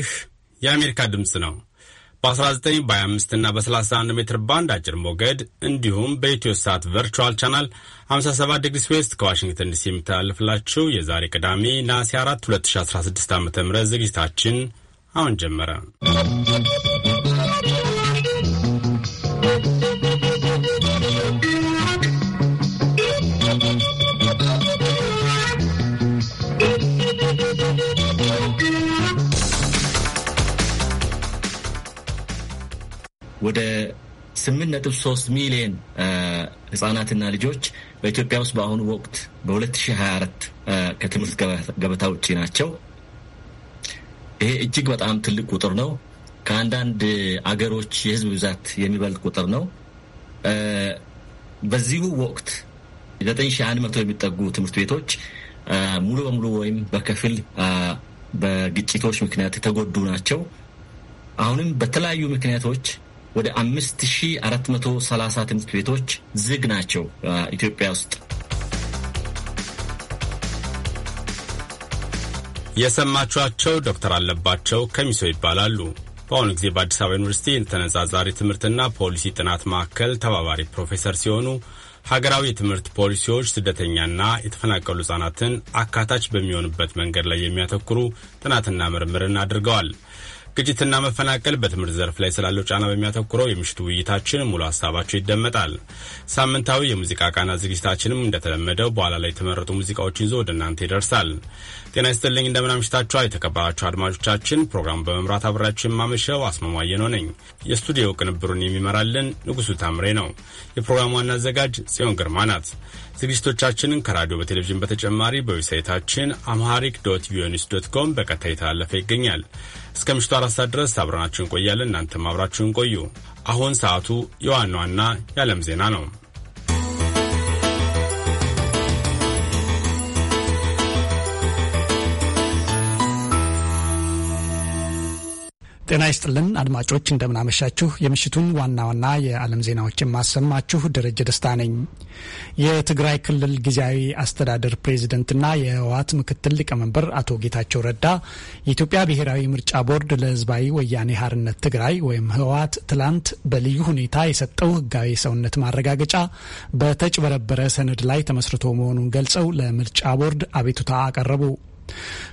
ይህ የአሜሪካ ድምፅ ነው። በ19 በ25 እና በ31 ሜትር ባንድ አጭር ሞገድ እንዲሁም በኢትዮ ሳት ቨርቹዋል ቻናል 57 ዲግሪ ስዌስት ከዋሽንግተን ዲሲ የሚተላለፍላችሁ የዛሬ ቅዳሜ ነሐሴ 4 2016 ዓ ም ዝግጅታችን አሁን ጀመረ። ወደ 8.3 ሚሊዮን ህጻናትና ልጆች በኢትዮጵያ ውስጥ በአሁኑ ወቅት በ2024 ከትምህርት ገበታ ውጭ ናቸው። ይሄ እጅግ በጣም ትልቅ ቁጥር ነው። ከአንዳንድ አገሮች የህዝብ ብዛት የሚበልጥ ቁጥር ነው። በዚሁ ወቅት 9100 የሚጠጉ ትምህርት ቤቶች ሙሉ በሙሉ ወይም በከፊል በግጭቶች ምክንያት የተጎዱ ናቸው። አሁንም በተለያዩ ምክንያቶች ወደ 5430 ትምህርት ቤቶች ዝግ ናቸው ኢትዮጵያ ውስጥ። የሰማችኋቸው ዶክተር አለባቸው ከሚሶ ይባላሉ። በአሁኑ ጊዜ በአዲስ አበባ ዩኒቨርሲቲ የተነጻጻሪ ትምህርትና ፖሊሲ ጥናት ማዕከል ተባባሪ ፕሮፌሰር ሲሆኑ ሀገራዊ የትምህርት ፖሊሲዎች ስደተኛና የተፈናቀሉ ህጻናትን አካታች በሚሆኑበት መንገድ ላይ የሚያተኩሩ ጥናትና ምርምርን አድርገዋል። ግጭትና መፈናቀል በትምህርት ዘርፍ ላይ ስላለው ጫና በሚያተኩረው የምሽቱ ውይይታችን ሙሉ ሀሳባቸው ይደመጣል። ሳምንታዊ የሙዚቃ ቃና ዝግጅታችንም እንደተለመደው በኋላ ላይ የተመረጡ ሙዚቃዎችን ይዞ ወደ እናንተ ይደርሳል። ጤና ይስጥልኝ እንደምናምሽታችኋል የተከበራችሁ አድማጮቻችን። ፕሮግራሙ በመምራት አብራችን ማመሸው አስማማየ ነው ነኝ። የስቱዲዮ ቅንብሩን የሚመራልን ንጉሱ ታምሬ ነው። የፕሮግራሙ ዋና አዘጋጅ ጽዮን ግርማ ናት። ዝግጅቶቻችንን ከራዲዮ በቴሌቪዥን በተጨማሪ በዌብሳይታችን አምሃሪክ ዶት ቪኦኤ ዶት ኮም በቀጥታ የተላለፈ ይገኛል። እስከ ምሽቱ አራት ሰዓት ድረስ አብረናችሁን ቆያለን። እናንተም አብራችሁን ቆዩ። አሁን ሰዓቱ የዋና ዋና የዓለም ዜና ነው። ጤና ይስጥልን አድማጮች፣ እንደምናመሻችሁ። የምሽቱን ዋና ዋና የዓለም ዜናዎች የማሰማችሁ ደረጀ ደስታ ነኝ። የትግራይ ክልል ጊዜያዊ አስተዳደር ፕሬዚደንትና የህወሓት ምክትል ሊቀመንበር አቶ ጌታቸው ረዳ የኢትዮጵያ ብሔራዊ ምርጫ ቦርድ ለህዝባዊ ወያኔ ሀርነት ትግራይ ወይም ህወሓት ትላንት በልዩ ሁኔታ የሰጠው ህጋዊ ሰውነት ማረጋገጫ በተጭበረበረ ሰነድ ላይ ተመስርቶ መሆኑን ገልጸው ለምርጫ ቦርድ አቤቱታ አቀረቡ።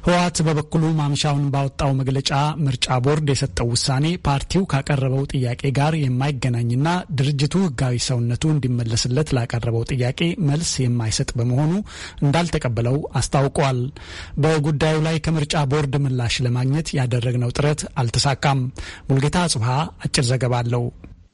ህወሓት በበኩሉ ማምሻውን ባወጣው መግለጫ ምርጫ ቦርድ የሰጠው ውሳኔ ፓርቲው ካቀረበው ጥያቄ ጋር የማይገናኝና ድርጅቱ ህጋዊ ሰውነቱ እንዲመለስለት ላቀረበው ጥያቄ መልስ የማይሰጥ በመሆኑ እንዳልተቀበለው አስታውቋል። በጉዳዩ ላይ ከምርጫ ቦርድ ምላሽ ለማግኘት ያደረግነው ጥረት አልተሳካም። ሙልጌታ አጽብሃ አጭር ዘገባ አለው።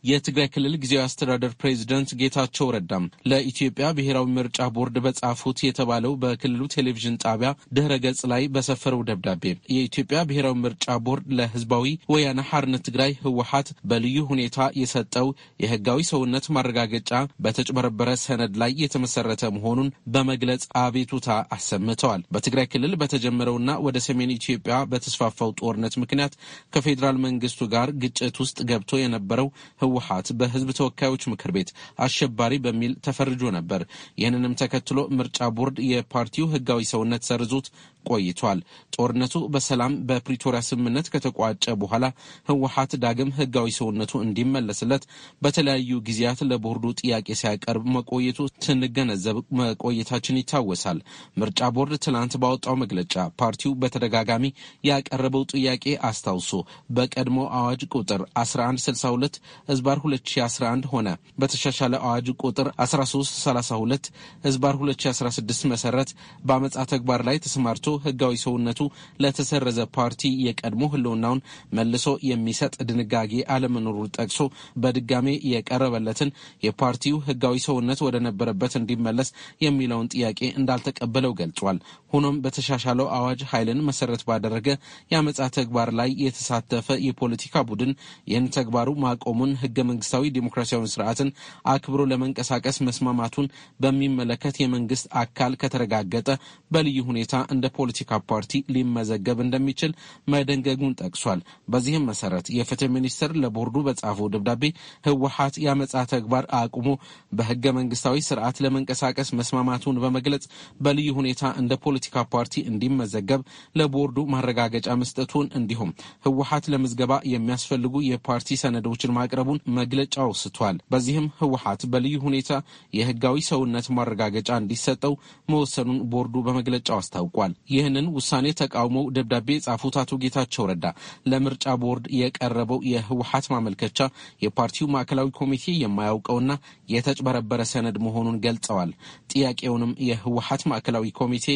የትግራይ ክልል ጊዜያዊ አስተዳደር ፕሬዚደንት ጌታቸው ረዳም ለኢትዮጵያ ብሔራዊ ምርጫ ቦርድ በጻፉት የተባለው በክልሉ ቴሌቪዥን ጣቢያ ድህረ ገጽ ላይ በሰፈረው ደብዳቤ የኢትዮጵያ ብሔራዊ ምርጫ ቦርድ ለህዝባዊ ወያነ ሐርነት ትግራይ ህወሀት በልዩ ሁኔታ የሰጠው የህጋዊ ሰውነት ማረጋገጫ በተጭበረበረ ሰነድ ላይ የተመሰረተ መሆኑን በመግለጽ አቤቱታ አሰምተዋል። በትግራይ ክልል በተጀመረውና ወደ ሰሜን ኢትዮጵያ በተስፋፋው ጦርነት ምክንያት ከፌዴራል መንግስቱ ጋር ግጭት ውስጥ ገብቶ የነበረው ህወሓት በህዝብ ተወካዮች ምክር ቤት አሸባሪ በሚል ተፈርጆ ነበር። ይህንንም ተከትሎ ምርጫ ቦርድ የፓርቲው ህጋዊ ሰውነት ሰርዞት ቆይቷል። ጦርነቱ በሰላም በፕሪቶሪያ ስምምነት ከተቋጨ በኋላ ህወሀት ዳግም ህጋዊ ሰውነቱ እንዲመለስለት በተለያዩ ጊዜያት ለቦርዱ ጥያቄ ሲያቀርብ መቆየቱ ስንገነዘብ መቆየታችን ይታወሳል። ምርጫ ቦርድ ትናንት ባወጣው መግለጫ ፓርቲው በተደጋጋሚ ያቀረበው ጥያቄ አስታውሶ በቀድሞ አዋጅ ቁጥር 1162 ህዝባር 2011 ሆነ በተሻሻለ አዋጅ ቁጥር 1332 ህዝባር 2016 መሰረት በአመፃ ተግባር ላይ ተሰማርቶ ህጋዊ ሰውነቱ ለተሰረዘ ፓርቲ የቀድሞ ህልውናውን መልሶ የሚሰጥ ድንጋጌ አለመኖሩን ጠቅሶ በድጋሜ የቀረበለትን የፓርቲው ህጋዊ ሰውነት ወደ ነበረበት እንዲመለስ የሚለውን ጥያቄ እንዳልተቀበለው ገልጿል። ሆኖም በተሻሻለው አዋጅ ኃይልን መሰረት ባደረገ የአመፃ ተግባር ላይ የተሳተፈ የፖለቲካ ቡድን ይህን ተግባሩ ማቆሙን ህገ መንግስታዊ ዲሞክራሲያዊ ስርዓትን አክብሮ ለመንቀሳቀስ መስማማቱን በሚመለከት የመንግስት አካል ከተረጋገጠ በልዩ ሁኔታ እንደ የፖለቲካ ፓርቲ ሊመዘገብ እንደሚችል መደንገጉን ጠቅሷል። በዚህም መሰረት የፍትህ ሚኒስትር ለቦርዱ በጻፈው ደብዳቤ ህወሀት የአመፃ ተግባር አቁሞ በህገ መንግስታዊ ስርዓት ለመንቀሳቀስ መስማማቱን በመግለጽ በልዩ ሁኔታ እንደ ፖለቲካ ፓርቲ እንዲመዘገብ ለቦርዱ ማረጋገጫ መስጠቱን እንዲሁም ህወሀት ለምዝገባ የሚያስፈልጉ የፓርቲ ሰነዶችን ማቅረቡን መግለጫ ስቷል። በዚህም ህወሀት በልዩ ሁኔታ የህጋዊ ሰውነት ማረጋገጫ እንዲሰጠው መወሰኑን ቦርዱ በመግለጫው አስታውቋል። ይህንን ውሳኔ ተቃውመው ደብዳቤ የጻፉት አቶ ጌታቸው ረዳ ለምርጫ ቦርድ የቀረበው የህወሀት ማመልከቻ የፓርቲው ማዕከላዊ ኮሚቴ የማያውቀውና የተጭበረበረ ሰነድ መሆኑን ገልጸዋል። ጥያቄውንም የህወሀት ማዕከላዊ ኮሚቴ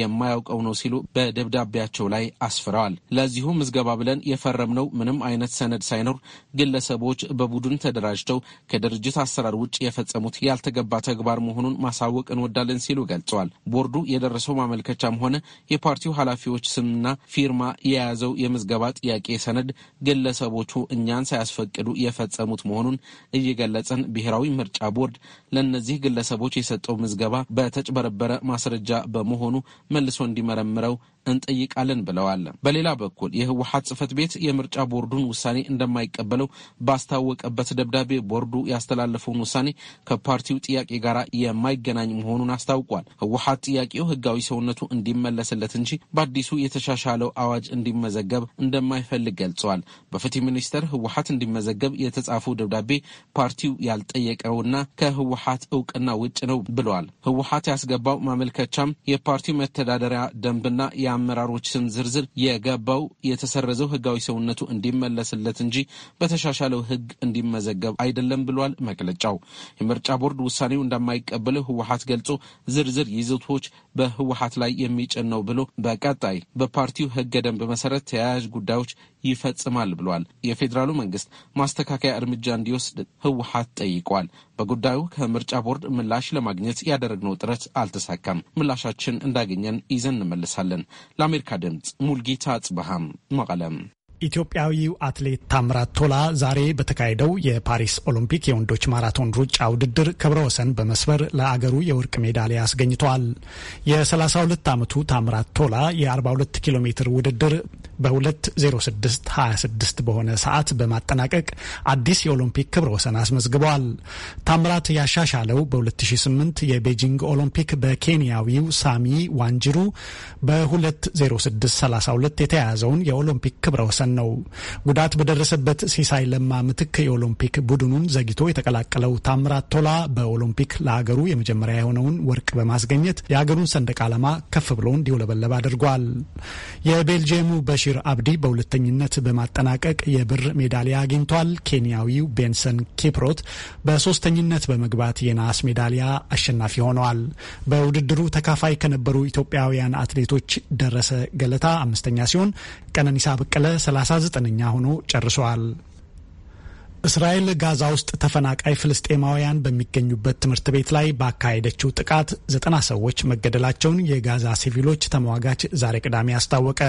የማያውቀው ነው ሲሉ በደብዳቤያቸው ላይ አስፍረዋል። ለዚሁ ምዝገባ ብለን የፈረምነው ምንም አይነት ሰነድ ሳይኖር ግለሰቦች በቡድን ተደራጅተው ከድርጅት አሰራር ውጭ የፈጸሙት ያልተገባ ተግባር መሆኑን ማሳወቅ እንወዳለን ሲሉ ገልጸዋል። ቦርዱ የደረሰው ማመልከቻም ሆነ የፓርቲው ኃላፊዎች ስምና ፊርማ የያዘው የምዝገባ ጥያቄ ሰነድ ግለሰቦቹ እኛን ሳያስፈቅዱ የፈጸሙት መሆኑን እየገለጸን ብሔራዊ ምርጫ ቦርድ ለእነዚህ ግለሰቦች የሰጠው ምዝገባ በተጭበረበረ ማስረጃ በመሆኑ መልሶ እንዲመረምረው እንጠይቃለን ብለዋል። በሌላ በኩል የህወሀት ጽህፈት ቤት የምርጫ ቦርዱን ውሳኔ እንደማይቀበለው ባስታወቀበት ደብዳቤ ቦርዱ ያስተላለፈውን ውሳኔ ከፓርቲው ጥያቄ ጋር የማይገናኝ መሆኑን አስታውቋል። ህወሀት ጥያቄው ህጋዊ ሰውነቱ እንዲመለስለት እንጂ በአዲሱ የተሻሻለው አዋጅ እንዲመዘገብ እንደማይፈልግ ገልጸዋል። በፍትህ ሚኒስቴር ህወሀት እንዲመዘገብ የተጻፈው ደብዳቤ ፓርቲው ያልጠየቀውና ከህወሀት እውቅና ውጭ ነው ብለዋል። ህወሀት ያስገባው ማመልከቻም የፓርቲው መተዳደሪያ ደንብና የአመራሮች ስም ዝርዝር የገባው የተሰረዘው ህጋዊ ሰውነቱ እንዲመለስለት እንጂ በተሻሻለው ህግ እንዲመዘገብ አይደለም ብሏል መግለጫው። የምርጫ ቦርድ ውሳኔው እንደማይቀበለው ህወሀት ገልጾ ዝርዝር ይዘቶች በህወሀት ላይ የሚጭን ነው ብሎ በቀጣይ በፓርቲው ህገ ደንብ መሰረት ተያያዥ ጉዳዮች ይፈጽማል ብሏል። የፌዴራሉ መንግስት ማስተካከያ እርምጃ እንዲወስድ ህወሀት ጠይቋል። በጉዳዩ ከምርጫ ቦርድ ምላሽ ለማግኘት ያደረግነው ጥረት አልተሳካም። ምላሻችን እንዳገኘን ይዘን እንመልሳለን። ለአሜሪካ ድምፅ ሙልጌታ አጽበሃም መቀለም ኢትዮጵያዊው አትሌት ታምራት ቶላ ዛሬ በተካሄደው የፓሪስ ኦሎምፒክ የወንዶች ማራቶን ሩጫ ውድድር ክብረ ወሰን በመስበር ለአገሩ የወርቅ ሜዳሊያ አስገኝተዋል። የ32 ዓመቱ ታምራት ቶላ የ42 ኪሎ ሜትር ውድድር በ2:06:26 በሆነ ሰዓት በማጠናቀቅ አዲስ የኦሎምፒክ ክብረ ወሰን አስመዝግበዋል። ታምራት ያሻሻለው በ2008 የቤጂንግ ኦሎምፒክ በኬንያዊው ሳሚ ዋንጅሩ በ2:06:32 የተያያዘውን የኦሎምፒክ ክብረ ወሰን ሀሰን ነው። ጉዳት በደረሰበት ሲሳይ ለማ ምትክ የኦሎምፒክ ቡድኑን ዘግቶ የተቀላቀለው ታምራት ቶላ በኦሎምፒክ ለሀገሩ የመጀመሪያ የሆነውን ወርቅ በማስገኘት የሀገሩን ሰንደቅ ዓላማ ከፍ ብሎ እንዲውለበለብ አድርጓል። የቤልጅየሙ በሺር አብዲ በሁለተኝነት በማጠናቀቅ የብር ሜዳሊያ አግኝቷል። ኬንያዊው ቤንሰን ኪፕሮት በሶስተኝነት በመግባት የነሐስ ሜዳሊያ አሸናፊ ሆነዋል። በውድድሩ ተካፋይ ከነበሩ ኢትዮጵያውያን አትሌቶች ደረሰ ገለታ አምስተኛ ሲሆን ቀነኒሳ በቀለ 39ኛ ሆኖ ጨርሰዋል። እስራኤል ጋዛ ውስጥ ተፈናቃይ ፍልስጤማውያን በሚገኙበት ትምህርት ቤት ላይ ባካሄደችው ጥቃት ዘጠና ሰዎች መገደላቸውን የጋዛ ሲቪሎች ተሟጋች ዛሬ ቅዳሜ አስታወቀ።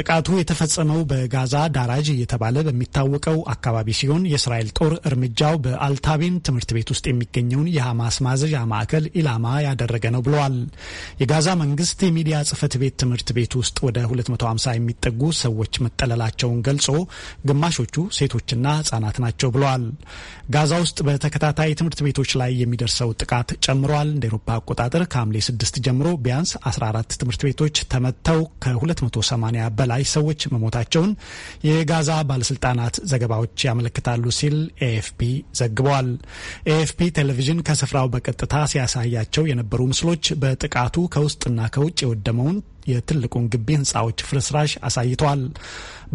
ጥቃቱ የተፈጸመው በጋዛ ዳራጅ እየተባለ በሚታወቀው አካባቢ ሲሆን የእስራኤል ጦር እርምጃው በአልታቤን ትምህርት ቤት ውስጥ የሚገኘውን የሐማስ ማዘዣ ማዕከል ኢላማ ያደረገ ነው ብለዋል። የጋዛ መንግስት የሚዲያ ጽህፈት ቤት ትምህርት ቤት ውስጥ ወደ 250 የሚጠጉ ሰዎች መጠለላቸውን ገልጾ ግማሾቹ ሴቶችና ህጻናት ናቸው ብለዋል። ጋዛ ውስጥ በተከታታይ ትምህርት ቤቶች ላይ የሚደርሰው ጥቃት ጨምሯል። እንደ ኤሮፓ አቆጣጠር ከሐምሌ 6 ጀምሮ ቢያንስ 14 ትምህርት ቤቶች ተመተው ከ280 በ በላይ ሰዎች መሞታቸውን የጋዛ ባለስልጣናት ዘገባዎች ያመለክታሉ ሲል ኤኤፍፒ ዘግበዋል። ኤኤፍፒ ቴሌቪዥን ከስፍራው በቀጥታ ሲያሳያቸው የነበሩ ምስሎች በጥቃቱ ከውስጥና ከውጭ የወደመውን የትልቁን ግቢ ህንፃዎች ፍርስራሽ አሳይተዋል።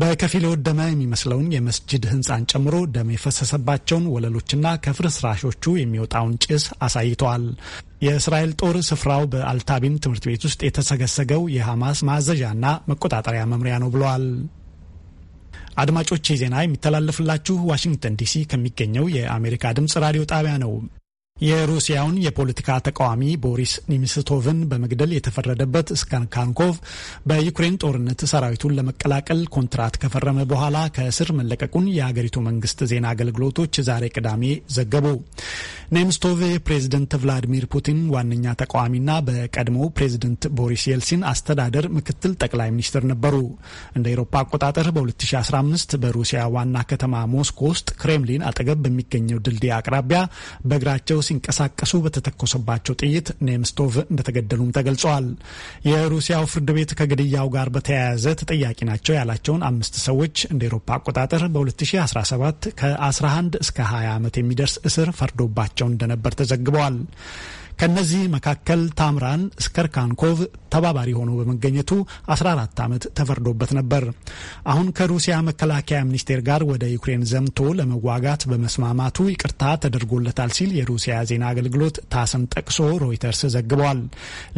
በከፊል የወደመ የሚመስለውን የመስጅድ ህንፃን ጨምሮ ደም የፈሰሰባቸውን ወለሎችና ከፍርስራሾቹ የሚወጣውን ጭስ አሳይተዋል። የእስራኤል ጦር ስፍራው በአልታቢን ትምህርት ቤት ውስጥ የተሰገሰገው የሐማስ ማዘዣና መቆጣጠሪያ መምሪያ ነው ብለዋል። አድማጮች፣ ዜና የሚተላለፍላችሁ ዋሽንግተን ዲሲ ከሚገኘው የአሜሪካ ድምጽ ራዲዮ ጣቢያ ነው። የሩሲያውን የፖለቲካ ተቃዋሚ ቦሪስ ኒምስቶቭን በመግደል የተፈረደበት ስካንካንኮቭ በዩክሬን ጦርነት ሰራዊቱን ለመቀላቀል ኮንትራት ከፈረመ በኋላ ከእስር መለቀቁን የአገሪቱ መንግስት ዜና አገልግሎቶች ዛሬ ቅዳሜ ዘገቡ። ኔምስቶቭ የፕሬዝደንት ቭላዲሚር ፑቲን ዋነኛ ተቃዋሚና በቀድሞ ፕሬዝደንት ቦሪስ የልሲን አስተዳደር ምክትል ጠቅላይ ሚኒስትር ነበሩ። እንደ ኤሮፓ አቆጣጠር በ2015 በሩሲያ ዋና ከተማ ሞስኮ ውስጥ ክሬምሊን አጠገብ በሚገኘው ድልድይ አቅራቢያ በእግራቸው ተሰናክለው ሲንቀሳቀሱ በተተኮሰባቸው ጥይት ኔምስቶቭ እንደተገደሉም ተገልጸዋል። የሩሲያው ፍርድ ቤት ከግድያው ጋር በተያያዘ ተጠያቂ ናቸው ያላቸውን አምስት ሰዎች እንደ ኤሮፓ አቆጣጠር በ2017 ከ11 እስከ 20 ዓመት የሚደርስ እስር ፈርዶባቸው እንደነበር ተዘግበዋል። ከእነዚህ መካከል ታምራን ስከርካንኮቭ ተባባሪ ሆኖ በመገኘቱ 14 ዓመት ተፈርዶበት ነበር። አሁን ከሩሲያ መከላከያ ሚኒስቴር ጋር ወደ ዩክሬን ዘምቶ ለመዋጋት በመስማማቱ ይቅርታ ተደርጎለታል ሲል የሩሲያ ዜና አገልግሎት ታስን ጠቅሶ ሮይተርስ ዘግቧል።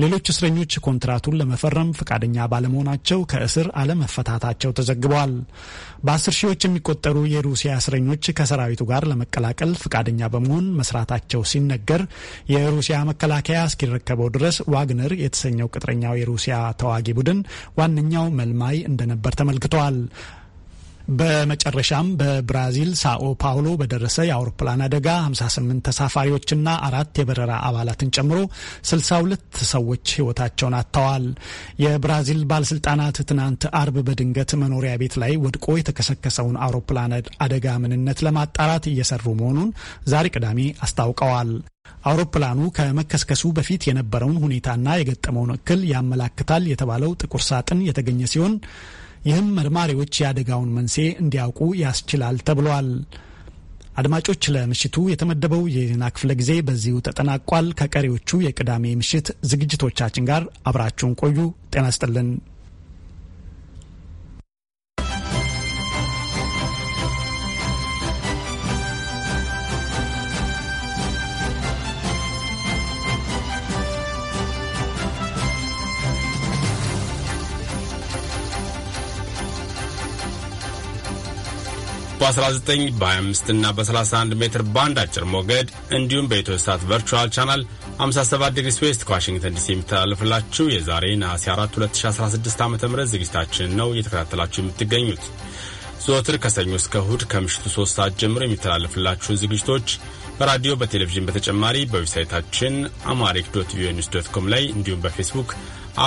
ሌሎች እስረኞች ኮንትራቱን ለመፈረም ፈቃደኛ ባለመሆናቸው ከእስር አለመፈታታቸው ተዘግበዋል። በአስር ሺዎች የሚቆጠሩ የሩሲያ እስረኞች ከሰራዊቱ ጋር ለመቀላቀል ፈቃደኛ በመሆን መስራታቸው ሲነገር የሩሲያ መከላከያ እስኪረከበው ድረስ ዋግነር የተሰኘው ቅጥረኛው የሩሲያ ተዋጊ ቡድን ዋነኛው መልማይ እንደነበር ተመልክተዋል። በመጨረሻም በብራዚል ሳኦ ፓውሎ በደረሰ የአውሮፕላን አደጋ 58 ተሳፋሪዎችና አራት የበረራ አባላትን ጨምሮ 62 ሰዎች ሕይወታቸውን አጥተዋል። የብራዚል ባለስልጣናት ትናንት አርብ በድንገት መኖሪያ ቤት ላይ ወድቆ የተከሰከሰውን አውሮፕላን አደጋ ምንነት ለማጣራት እየሰሩ መሆኑን ዛሬ ቅዳሜ አስታውቀዋል። አውሮፕላኑ ከመከስከሱ በፊት የነበረውን ሁኔታና የገጠመውን እክል ያመላክታል የተባለው ጥቁር ሳጥን የተገኘ ሲሆን ይህም መርማሪዎች የአደጋውን መንስኤ እንዲያውቁ ያስችላል ተብሏል። አድማጮች፣ ለምሽቱ የተመደበው የዜና ክፍለ ጊዜ በዚሁ ተጠናቋል። ከቀሪዎቹ የቅዳሜ ምሽት ዝግጅቶቻችን ጋር አብራችሁን ቆዩ። ጤና ይስጥልን። በ19 በ25 እና በ31 ሜትር ባንድ አጭር ሞገድ እንዲሁም በኢትዮ ሳት ቨርቹዋል ቻናል 57 ዲግሪ ስዌስት ከዋሽንግተን ዲሲ የሚተላለፍላችሁ የዛሬ ነሐሴ 4 2016 ዓ ም ዝግጅታችን ነው እየተከታተላችሁ የምትገኙት። ዘወትር ከሰኞ እስከ እሁድ ከምሽቱ 3 ሰዓት ጀምሮ የሚተላለፍላችሁን ዝግጅቶች በራዲዮ በቴሌቪዥን በተጨማሪ በዌብሳይታችን አማሪክ ዶት ቪኦኤ ኒውስ ዶት ኮም ላይ እንዲሁም በፌስቡክ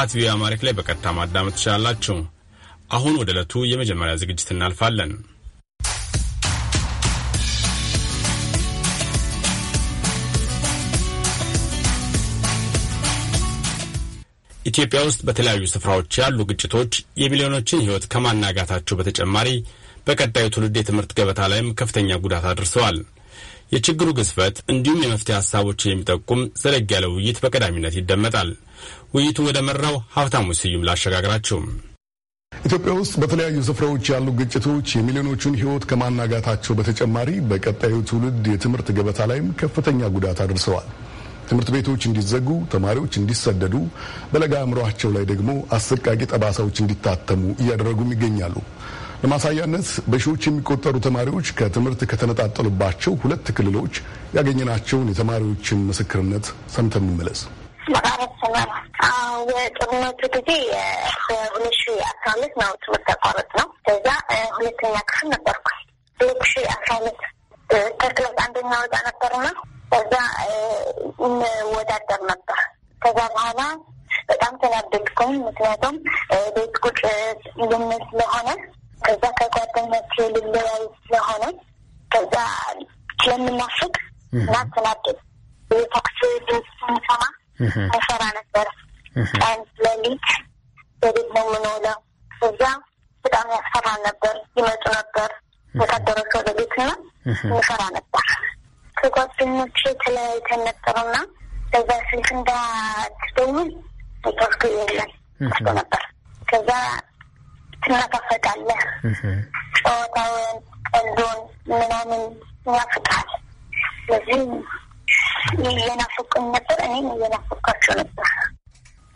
አት ቪኦኤ አማሪክ ላይ በቀጥታ ማዳመጥ ትችላላችሁ። አሁን ወደ ዕለቱ የመጀመሪያ ዝግጅት እናልፋለን። ኢትዮጵያ ውስጥ በተለያዩ ስፍራዎች ያሉ ግጭቶች የሚሊዮኖችን ሕይወት ከማናጋታቸው በተጨማሪ በቀጣዩ ትውልድ የትምህርት ገበታ ላይም ከፍተኛ ጉዳት አድርሰዋል። የችግሩ ግዝፈት እንዲሁም የመፍትሄ ሀሳቦችን የሚጠቁም ዘለግ ያለ ውይይት በቀዳሚነት ይደመጣል። ውይይቱ ወደ መራው ሀብታሙ ስዩም ላሸጋግራቸው። ኢትዮጵያ ውስጥ በተለያዩ ስፍራዎች ያሉ ግጭቶች የሚሊዮኖቹን ህይወት ከማናጋታቸው በተጨማሪ በቀጣዩ ትውልድ የትምህርት ገበታ ላይም ከፍተኛ ጉዳት አድርሰዋል። ትምህርት ቤቶች እንዲዘጉ፣ ተማሪዎች እንዲሰደዱ፣ በለጋ አእምሯቸው ላይ ደግሞ አሰቃቂ ጠባሳዎች እንዲታተሙ እያደረጉም ይገኛሉ። ለማሳያነት በሺዎች የሚቆጠሩ ተማሪዎች ከትምህርት ከተነጣጠሉባቸው ሁለት ክልሎች ያገኘናቸውን የተማሪዎችን ምስክርነት ሰምተን እንመለስ። የጦርነቱ ጊዜ በሁለት ሺ አስራ አምስት ነው ትምህርት ያቋረጥ ነው። ከዛ ሁለተኛ ክፍል ነበርኩ ሁለት ሺ አስራ አምስት ከክላስ አንደኛ ወጣ ነበርና ከዛ እንወዳደር ነበር። ከዛ በኋላ በጣም ተናደድኩኝ፣ ምክንያቱም ቤት ቁጭ ልምል ስለሆነ ከዛ ከጓደኞች ልለያይ ስለሆነ ከዛ ስለምናፍቅ እና ተናደድ የታክሲ ድምፅ ስንሰማ መሰራ ነበር። ቀን ለሊት በቤት ነው የምንውለው። እዛ በጣም ያስፈራ ነበር። ይመጡ ነበር ወታደሮች ወደ ቤትና እንሰራ ነበር። ከጓደኞች የተለያይተን ነበሩና በዛ ስልክ እንዳትደውል ኔትወርክ የለን ስቶ ነበር። ከዛ ትናፋፈቃለህ፣ ጨዋታውን፣ ቀልዶን ምናምን ያፍቃል። ስለዚህ እየናፈቁኝ ነበር፣ እኔም እየናፈኳቸው ነበር።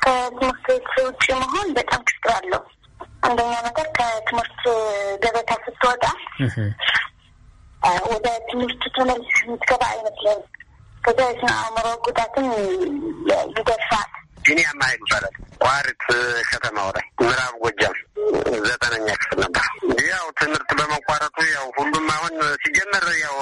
ከትምህርት ቤት ውጭ መሆን በጣም ችግር አለው። አንደኛ ነገር ከትምህርት ገበታ ስትወጣ ወደ ትምህርት ተመልስ የምትገባ አይመስለኝም። ከዚ የስነ አእምሮ ጉዳትም ይደርሳል። ግን ማሀይል ይባላል። ቋሪት ከተማው ላይ ምዕራብ ጎጃም ዘጠነኛ ክፍል ነበር። ያው ትምህርት በመቋረጡ ያው ሁሉም አሁን ሲጀመር ያው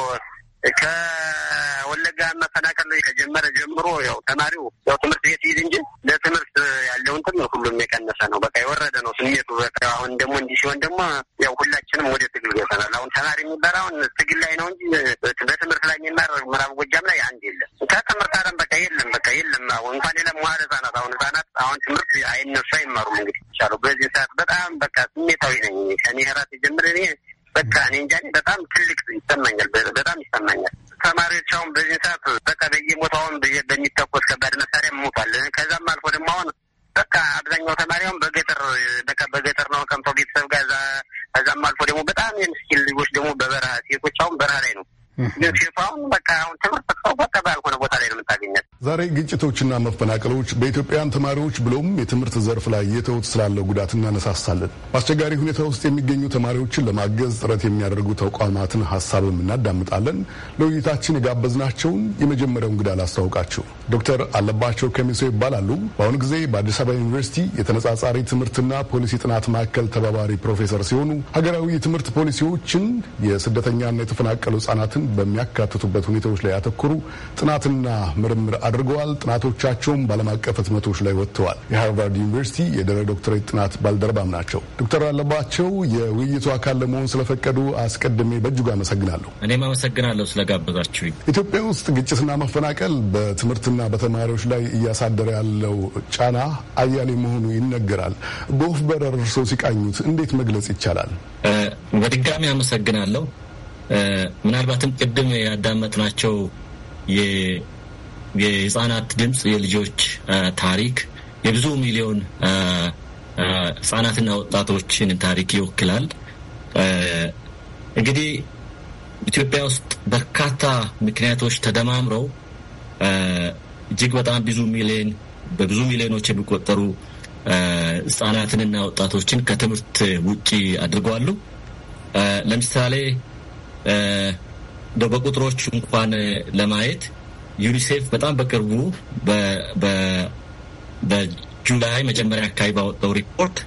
ከወለጋ መፈናቀል ከጀመረ ጀምሮ ያው ተማሪው ያው ትምህርት ቤት ይሄድ እንጂ ለትምህርት ያለው እንትን ሁሉም የቀነሰ ነው። በቃ የወረደ ነው ስሜቱ። በቃ አሁን ደግሞ እንዲህ ሲሆን ደግሞ ያው ሁላችንም ወደ ትግል ገብተናል። አሁን ተማሪ የሚባል አሁን ትግል ላይ ነው እንጂ በትምህርት ላይ የሚማር ምዕራብ ጎጃም ላይ አንድ የለም። ከትምህርት አለም በቃ የለም፣ በቃ የለም። አሁን እንኳን የለም መዋል ህጻናት አሁን ህጻናት አሁን ትምህርት አይነሱ አይማሩም። እንግዲህ ይቻሉ በዚህ ሰዓት በጣም በቃ ስሜታዊ ነኝ ከኔ ራት የጀምር እኔ በቃ እኔ እንጃ በጣም ትልቅ ይሰማኛል፣ በጣም ይሰማኛል። ተማሪዎች አሁን በዚህ ሰዓት በቃ በየቦታውን በሚተኮስ ከባድ መሳሪያ ሞቷል። ከዛም አልፎ ደግሞ አሁን በቃ አብዛኛው ተማሪ አሁን በገጠር በቃ በገጠር ነው ቀምተው ቤተሰብ ጋር ከዛም አልፎ ደግሞ በጣም የምስኪል ልጆች ደግሞ በበረሃ ሴቶች አሁን በረሃ ላይ ነው ዛሬ ግጭቶችና መፈናቀሎች በኢትዮጵያን ተማሪዎች ብሎም የትምህርት ዘርፍ ላይ የተውት ስላለው ጉዳት እናነሳሳለን። በአስቸጋሪ ሁኔታ ውስጥ የሚገኙ ተማሪዎችን ለማገዝ ጥረት የሚያደርጉ ተቋማትን ሀሳብም እናዳምጣለን። ለውይይታችን የጋበዝናቸውን የመጀመሪያው እንግዳ ላስታውቃችሁ። ዶክተር አለባቸው ከሚሶ ይባላሉ። በአሁኑ ጊዜ በአዲስ አበባ ዩኒቨርሲቲ የተነጻጻሪ ትምህርትና ፖሊሲ ጥናት ማዕከል ተባባሪ ፕሮፌሰር ሲሆኑ ሀገራዊ የትምህርት ፖሊሲዎችን የስደተኛና የተፈናቀሉ ህጻናትን በሚያካትቱበት ሁኔታዎች ላይ ያተኮሩ ጥናትና ምርምር አድርገዋል። ጥናቶቻቸውም በዓለም አቀፍ ህትመቶች ላይ ወጥተዋል። የሃርቫርድ ዩኒቨርሲቲ የድህረ ዶክተሬት ጥናት ባልደረባም ናቸው። ዶክተር አለባቸው የውይይቱ አካል ለመሆን ስለፈቀዱ አስቀድሜ በእጅጉ አመሰግናለሁ። እኔም አመሰግናለሁ ስለጋበዛችሁኝ። ኢትዮጵያ ውስጥ ግጭትና መፈናቀል በትምህርትና በተማሪዎች ላይ እያሳደረ ያለው ጫና አያሌ መሆኑ ይነገራል። በወፍ በረር እርስዎ ሲቃኙት እንዴት መግለጽ ይቻላል? በድጋሚ አመሰግናለሁ። ምናልባትም ቅድም ያዳመጥናቸው የህጻናት ድምፅ የልጆች ታሪክ የብዙ ሚሊዮን ህጻናትና ወጣቶችን ታሪክ ይወክላል። እንግዲህ ኢትዮጵያ ውስጥ በርካታ ምክንያቶች ተደማምረው እጅግ በጣም ብዙ ሚሊዮን በብዙ ሚሊዮኖች የሚቆጠሩ ህጻናትንና ወጣቶችን ከትምህርት ውጪ አድርጓሉ። ለምሳሌ በቁጥሮች እንኳን ለማየት ዩኒሴፍ በጣም በቅርቡ በጁላይ መጀመሪያ አካባቢ ባወጣው ሪፖርት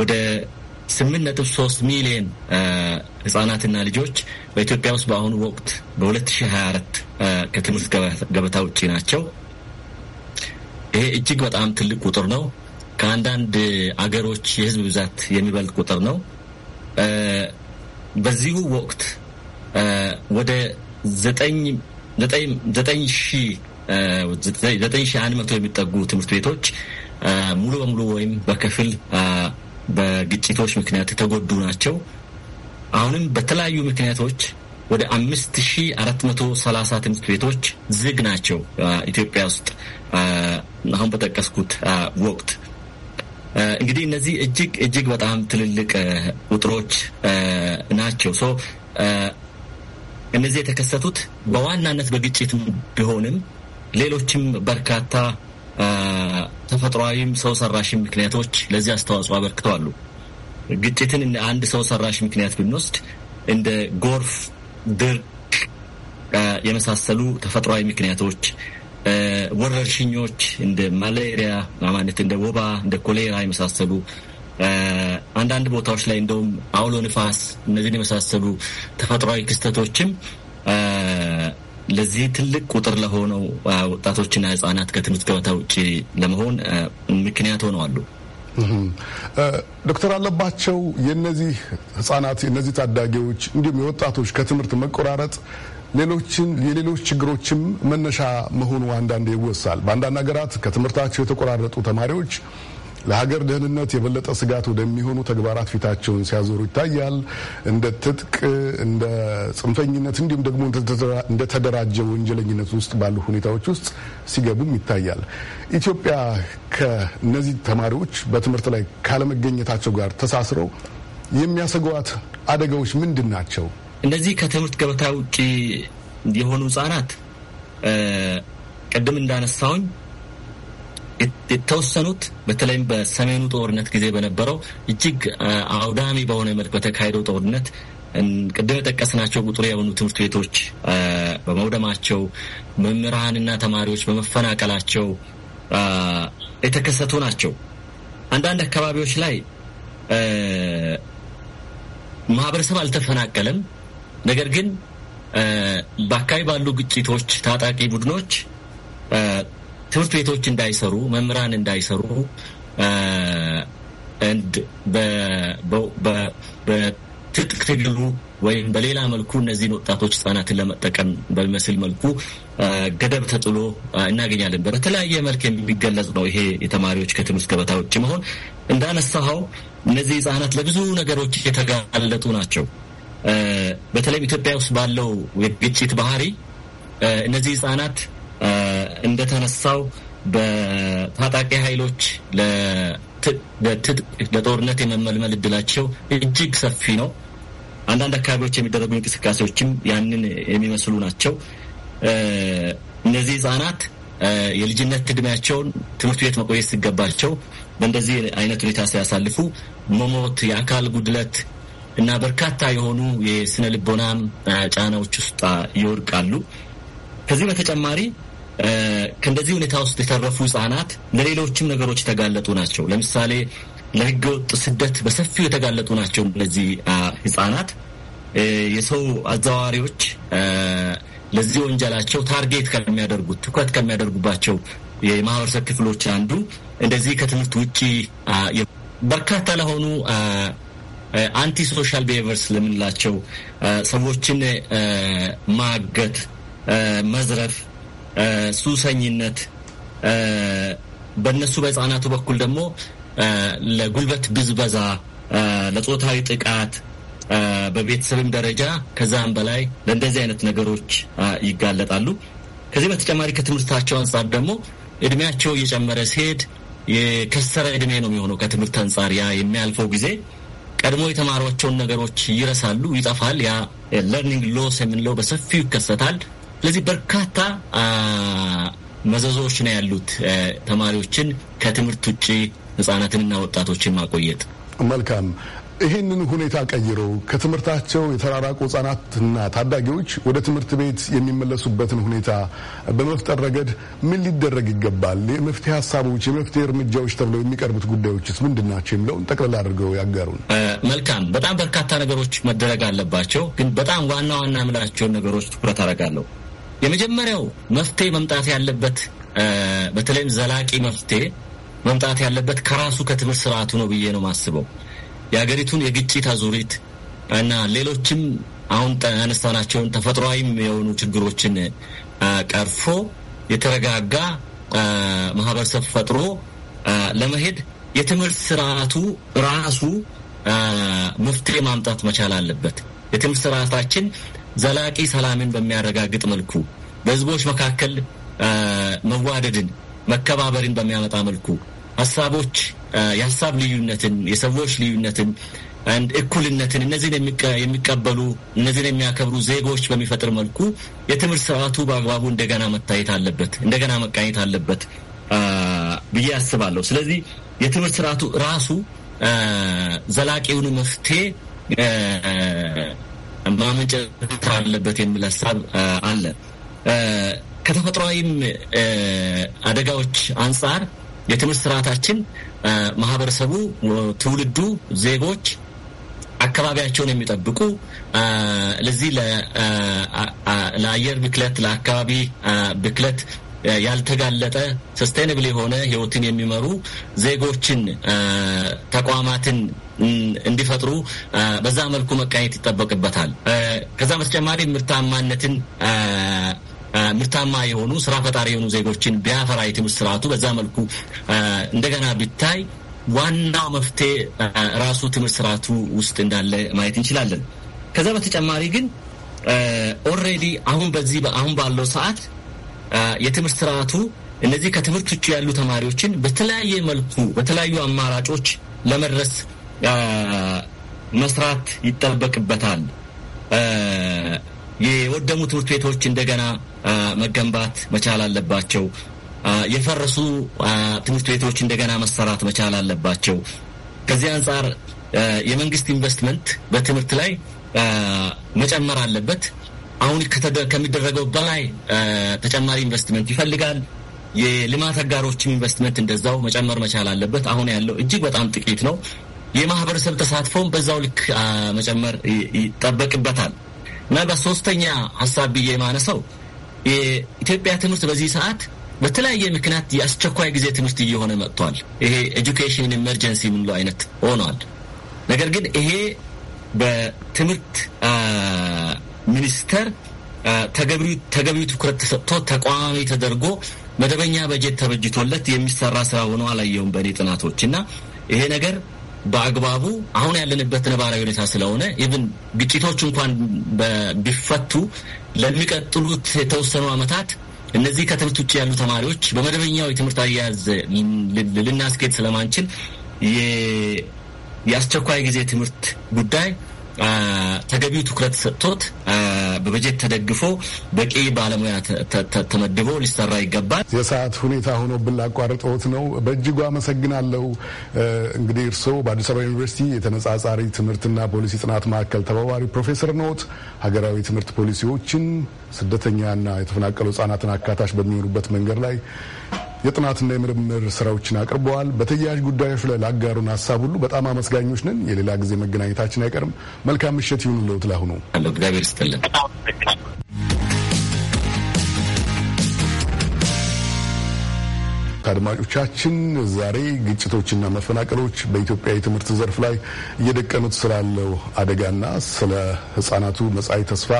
ወደ ሶስት ሚሊዮን ህጻናትና ልጆች በኢትዮጵያ ውስጥ በአሁኑ ወቅት በ2024 ከትምህርት ገበታ ውጭ ናቸው። ይሄ እጅግ በጣም ትልቅ ቁጥር ነው። ከአንዳንድ አገሮች የህዝብ ብዛት የሚበልጥ ቁጥር ነው። በዚሁ ወቅት ወደ ዘጠኝ ሺህ አንድ መቶ የሚጠጉ ትምህርት ቤቶች ሙሉ በሙሉ ወይም በከፊል በግጭቶች ምክንያት የተጎዱ ናቸው። አሁንም በተለያዩ ምክንያቶች ወደ አምስት ሺ አራት መቶ ሰላሳ ትምህርት ቤቶች ዝግ ናቸው ኢትዮጵያ ውስጥ አሁን በጠቀስኩት ወቅት። እንግዲህ እነዚህ እጅግ እጅግ በጣም ትልልቅ ቁጥሮች ናቸው። እነዚህ የተከሰቱት በዋናነት በግጭት ቢሆንም ሌሎችም በርካታ ተፈጥሯዊም ሰው ሰራሽ ምክንያቶች ለዚህ አስተዋጽኦ አበርክተዋሉ። ግጭትን አንድ ሰው ሰራሽ ምክንያት ብንወስድ እንደ ጎርፍ፣ ድርቅ የመሳሰሉ ተፈጥሯዊ ምክንያቶች፣ ወረርሽኞች እንደ ማላሪያ ማለት እንደ ወባ፣ እንደ ኮሌራ የመሳሰሉ አንዳንድ ቦታዎች ላይ እንደውም አውሎ ንፋስ፣ እነዚህን የመሳሰሉ ተፈጥሯዊ ክስተቶችም ለዚህ ትልቅ ቁጥር ለሆነው ወጣቶችና ህጻናት ከትምህርት ገበታ ውጭ ለመሆን ምክንያት ሆነዋሉ። ዶክተር አለባቸው የነዚህ ህጻናት የነዚህ ታዳጊዎች እንዲሁም የወጣቶች ከትምህርት መቆራረጥ ሌሎችን የሌሎች ችግሮችም መነሻ መሆኑ አንዳንድ ይወሳል። በአንዳንድ ሀገራት ከትምህርታቸው የተቆራረጡ ተማሪዎች ለሀገር ደህንነት የበለጠ ስጋት ወደሚሆኑ ተግባራት ፊታቸውን ሲያዞሩ ይታያል። እንደ ትጥቅ፣ እንደ ጽንፈኝነት እንዲሁም ደግሞ እንደ ተደራጀ ወንጀለኝነት ውስጥ ባሉ ሁኔታዎች ውስጥ ሲገቡም ይታያል። ኢትዮጵያ ከእነዚህ ተማሪዎች በትምህርት ላይ ካለመገኘታቸው ጋር ተሳስረው የሚያሰጓት አደጋዎች ምንድን ናቸው? እነዚህ ከትምህርት ገበታ ውጭ የሆኑ ህጻናት ቅድም እንዳነሳውኝ የተወሰኑት በተለይም በሰሜኑ ጦርነት ጊዜ በነበረው እጅግ አውዳሚ በሆነ መልክ በተካሄደው ጦርነት ቅድም የጠቀስናቸው ቁጥር የሆኑ ትምህርት ቤቶች በመውደማቸው መምህራንና ተማሪዎች በመፈናቀላቸው የተከሰቱ ናቸው። አንዳንድ አካባቢዎች ላይ ማህበረሰብ አልተፈናቀለም። ነገር ግን በአካባቢ ባሉ ግጭቶች ታጣቂ ቡድኖች ትምህርት ቤቶች እንዳይሰሩ፣ መምህራን እንዳይሰሩ በትጥቅ ትግሉ ወይም በሌላ መልኩ እነዚህን ወጣቶች ህጻናትን ለመጠቀም በሚመስል መልኩ ገደብ ተጥሎ እናገኛለን። በተለያየ መልክ የሚገለጽ ነው ይሄ የተማሪዎች ከትምህርት ገበታ ውጭ መሆን። እንዳነሳኸው እነዚህ ህጻናት ለብዙ ነገሮች የተጋለጡ ናቸው። በተለይም ኢትዮጵያ ውስጥ ባለው የግጭት ባህሪ እነዚህ ህጻናት እንደተነሳው በታጣቂ ኃይሎች ለጦርነት የመመልመል እድላቸው እጅግ ሰፊ ነው። አንዳንድ አካባቢዎች የሚደረጉ እንቅስቃሴዎችም ያንን የሚመስሉ ናቸው። እነዚህ ህጻናት የልጅነት እድሜያቸውን ትምህርት ቤት መቆየት ሲገባቸው በእንደዚህ አይነት ሁኔታ ሲያሳልፉ መሞት፣ የአካል ጉድለት እና በርካታ የሆኑ የስነ ልቦናም ጫናዎች ውስጥ ይወድቃሉ። ከዚህ በተጨማሪ ከእንደዚህ ሁኔታ ውስጥ የተረፉ ህጻናት ለሌሎችም ነገሮች የተጋለጡ ናቸው። ለምሳሌ ለህገወጥ ስደት በሰፊው የተጋለጡ ናቸው። እነዚህ ህጻናት የሰው አዘዋዋሪዎች ለዚህ ወንጀላቸው ታርጌት ከሚያደርጉት ትኩረት ከሚያደርጉባቸው የማህበረሰብ ክፍሎች አንዱ እንደዚህ ከትምህርት ውጭ በርካታ ለሆኑ አንቲ ሶሻል ቢሄቨርስ ለምንላቸው ሰዎችን ማገት፣ መዝረፍ ሱሰኝነት፣ በእነሱ በህፃናቱ በኩል ደግሞ ለጉልበት ብዝበዛ፣ ለጾታዊ ጥቃት በቤተሰብም ደረጃ ከዛም በላይ ለእንደዚህ አይነት ነገሮች ይጋለጣሉ። ከዚህ በተጨማሪ ከትምህርታቸው አንጻር ደግሞ እድሜያቸው እየጨመረ ሲሄድ የከሰረ እድሜ ነው የሚሆነው። ከትምህርት አንጻር ያ የሚያልፈው ጊዜ ቀድሞ የተማሯቸውን ነገሮች ይረሳሉ፣ ይጠፋል። ያ ለርኒንግ ሎስ የምንለው በሰፊው ይከሰታል። ስለዚህ በርካታ መዘዞዎች ነው ያሉት ተማሪዎችን ከትምህርት ውጭ ህጻናትንና ወጣቶችን ማቆየት። መልካም። ይህንን ሁኔታ ቀይሮ ከትምህርታቸው የተራራቁ ህጻናትና ታዳጊዎች ወደ ትምህርት ቤት የሚመለሱበትን ሁኔታ በመፍጠር ረገድ ምን ሊደረግ ይገባል? የመፍትሄ ሀሳቦች፣ የመፍትሄ እርምጃዎች ተብለው የሚቀርቡት ጉዳዮችስ ምንድን ናቸው የሚለውን ጠቅላላ አድርገው ያጋሩን። መልካም። በጣም በርካታ ነገሮች መደረግ አለባቸው፣ ግን በጣም ዋና ዋና የምላቸውን ነገሮች ትኩረት አደርጋለሁ። የመጀመሪያው መፍትሄ መምጣት ያለበት በተለይም ዘላቂ መፍትሄ መምጣት ያለበት ከራሱ ከትምህርት ስርዓቱ ነው ብዬ ነው ማስበው። የሀገሪቱን የግጭት አዙሪት እና ሌሎችም አሁን ያነሳናቸውን ተፈጥሯዊም የሆኑ ችግሮችን ቀርፎ የተረጋጋ ማህበረሰብ ፈጥሮ ለመሄድ የትምህርት ስርዓቱ ራሱ መፍትሄ ማምጣት መቻል አለበት። የትምህርት ስርዓታችን ዘላቂ ሰላምን በሚያረጋግጥ መልኩ በህዝቦች መካከል መዋደድን፣ መከባበርን በሚያመጣ መልኩ ሀሳቦች የሀሳብ ልዩነትን፣ የሰዎች ልዩነትን እኩልነትን እነዚህን የሚቀበሉ እነዚህን የሚያከብሩ ዜጎች በሚፈጥር መልኩ የትምህርት ስርዓቱ በአግባቡ እንደገና መታየት አለበት፣ እንደገና መቃኘት አለበት ብዬ አስባለሁ። ስለዚህ የትምህርት ስርዓቱ ራሱ ዘላቂውን መፍትሄ ማመንጨት አለበት የሚል ሀሳብ አለ። ከተፈጥሯዊም አደጋዎች አንጻር የትምህርት ስርዓታችን ማህበረሰቡ፣ ትውልዱ፣ ዜጎች አካባቢያቸውን የሚጠብቁ ለዚህ ለአየር ብክለት፣ ለአካባቢ ብክለት ያልተጋለጠ ሰስቴንብል የሆነ ህይወትን የሚመሩ ዜጎችን ተቋማትን እንዲፈጥሩ በዛ መልኩ መቃኘት ይጠበቅበታል። ከዛ በተጨማሪ ምርታማነትን ምርታማ የሆኑ ስራ ፈጣሪ የሆኑ ዜጎችን ቢያፈራ የትምህርት ስርዓቱ በዛ መልኩ እንደገና ቢታይ ዋናው መፍትሄ ራሱ ትምህርት ስርዓቱ ውስጥ እንዳለ ማየት እንችላለን። ከዛ በተጨማሪ ግን ኦልሬዲ አሁን በዚህ አሁን ባለው ሰዓት የትምህርት ስርዓቱ እነዚህ ከትምህርት ውጭ ያሉ ተማሪዎችን በተለያየ መልኩ በተለያዩ አማራጮች ለመድረስ መስራት ይጠበቅበታል። የወደሙ ትምህርት ቤቶች እንደገና መገንባት መቻል አለባቸው። የፈረሱ ትምህርት ቤቶች እንደገና መሰራት መቻል አለባቸው። ከዚህ አንጻር የመንግስት ኢንቨስትመንት በትምህርት ላይ መጨመር አለበት። አሁን ከሚደረገው በላይ ተጨማሪ ኢንቨስትመንት ይፈልጋል። የልማት አጋሮችም ኢንቨስትመንት እንደዛው መጨመር መቻል አለበት። አሁን ያለው እጅግ በጣም ጥቂት ነው። የማህበረሰብ ተሳትፎም በዛው ልክ መጨመር ይጠበቅበታል። ምናልባት ሶስተኛ ሀሳብ ብዬ የማነሳው የኢትዮጵያ ትምህርት በዚህ ሰዓት በተለያየ ምክንያት የአስቸኳይ ጊዜ ትምህርት እየሆነ መጥቷል። ይሄ ኤጁኬሽን ኢመርጀንሲ የምንለው አይነት ሆኗል። ነገር ግን ይሄ በትምህርት ሚኒስቴር ተገቢው ትኩረት ተሰጥቶ ተቋማዊ ተደርጎ መደበኛ በጀት ተበጅቶለት የሚሰራ ስራ ሆኖ አላየውም በእኔ ጥናቶች እና ይሄ ነገር በአግባቡ አሁን ያለንበት ነባራዊ ሁኔታ ስለሆነ ኢቭን ግጭቶች እንኳን ቢፈቱ ለሚቀጥሉት የተወሰኑ ዓመታት እነዚህ ከትምህርት ውጭ ያሉ ተማሪዎች በመደበኛው የትምህርት አያያዝ ልናስጌድ ስለማንችል የአስቸኳይ ጊዜ ትምህርት ጉዳይ ተገቢው ትኩረት ሰጥቶት በበጀት ተደግፎ በቂ ባለሙያ ተመድቦ ሊሰራ ይገባል። የሰዓት ሁኔታ ሆኖ ብላቋርጠውት ነው። በእጅጉ አመሰግናለሁ። እንግዲህ እርስዎ በአዲስ አበባ ዩኒቨርሲቲ የተነጻጻሪ ትምህርትና ፖሊሲ ጥናት ማዕከል ተባባሪ ፕሮፌሰር ነዎት። ሀገራዊ ትምህርት ፖሊሲዎችን ስደተኛና የተፈናቀሉ ህጻናትን አካታች በሚሆኑበት መንገድ ላይ የጥናትና የምርምር ስራዎችን አቅርበዋል። በተያያዥ ጉዳዮች ላይ ላጋሩን ሀሳብ ሁሉ በጣም አመስጋኞች ነን። የሌላ ጊዜ መገናኘታችን አይቀርም። መልካም ምሽት ይሁንልዎት። ላሁኑ እግዚአብሔር ይስጥልን። አድማጮቻችን ዛሬ ግጭቶችና መፈናቀሎች በኢትዮጵያ የትምህርት ዘርፍ ላይ እየደቀኑት ስላለው አደጋና ስለ ህጻናቱ መጻኢ ተስፋ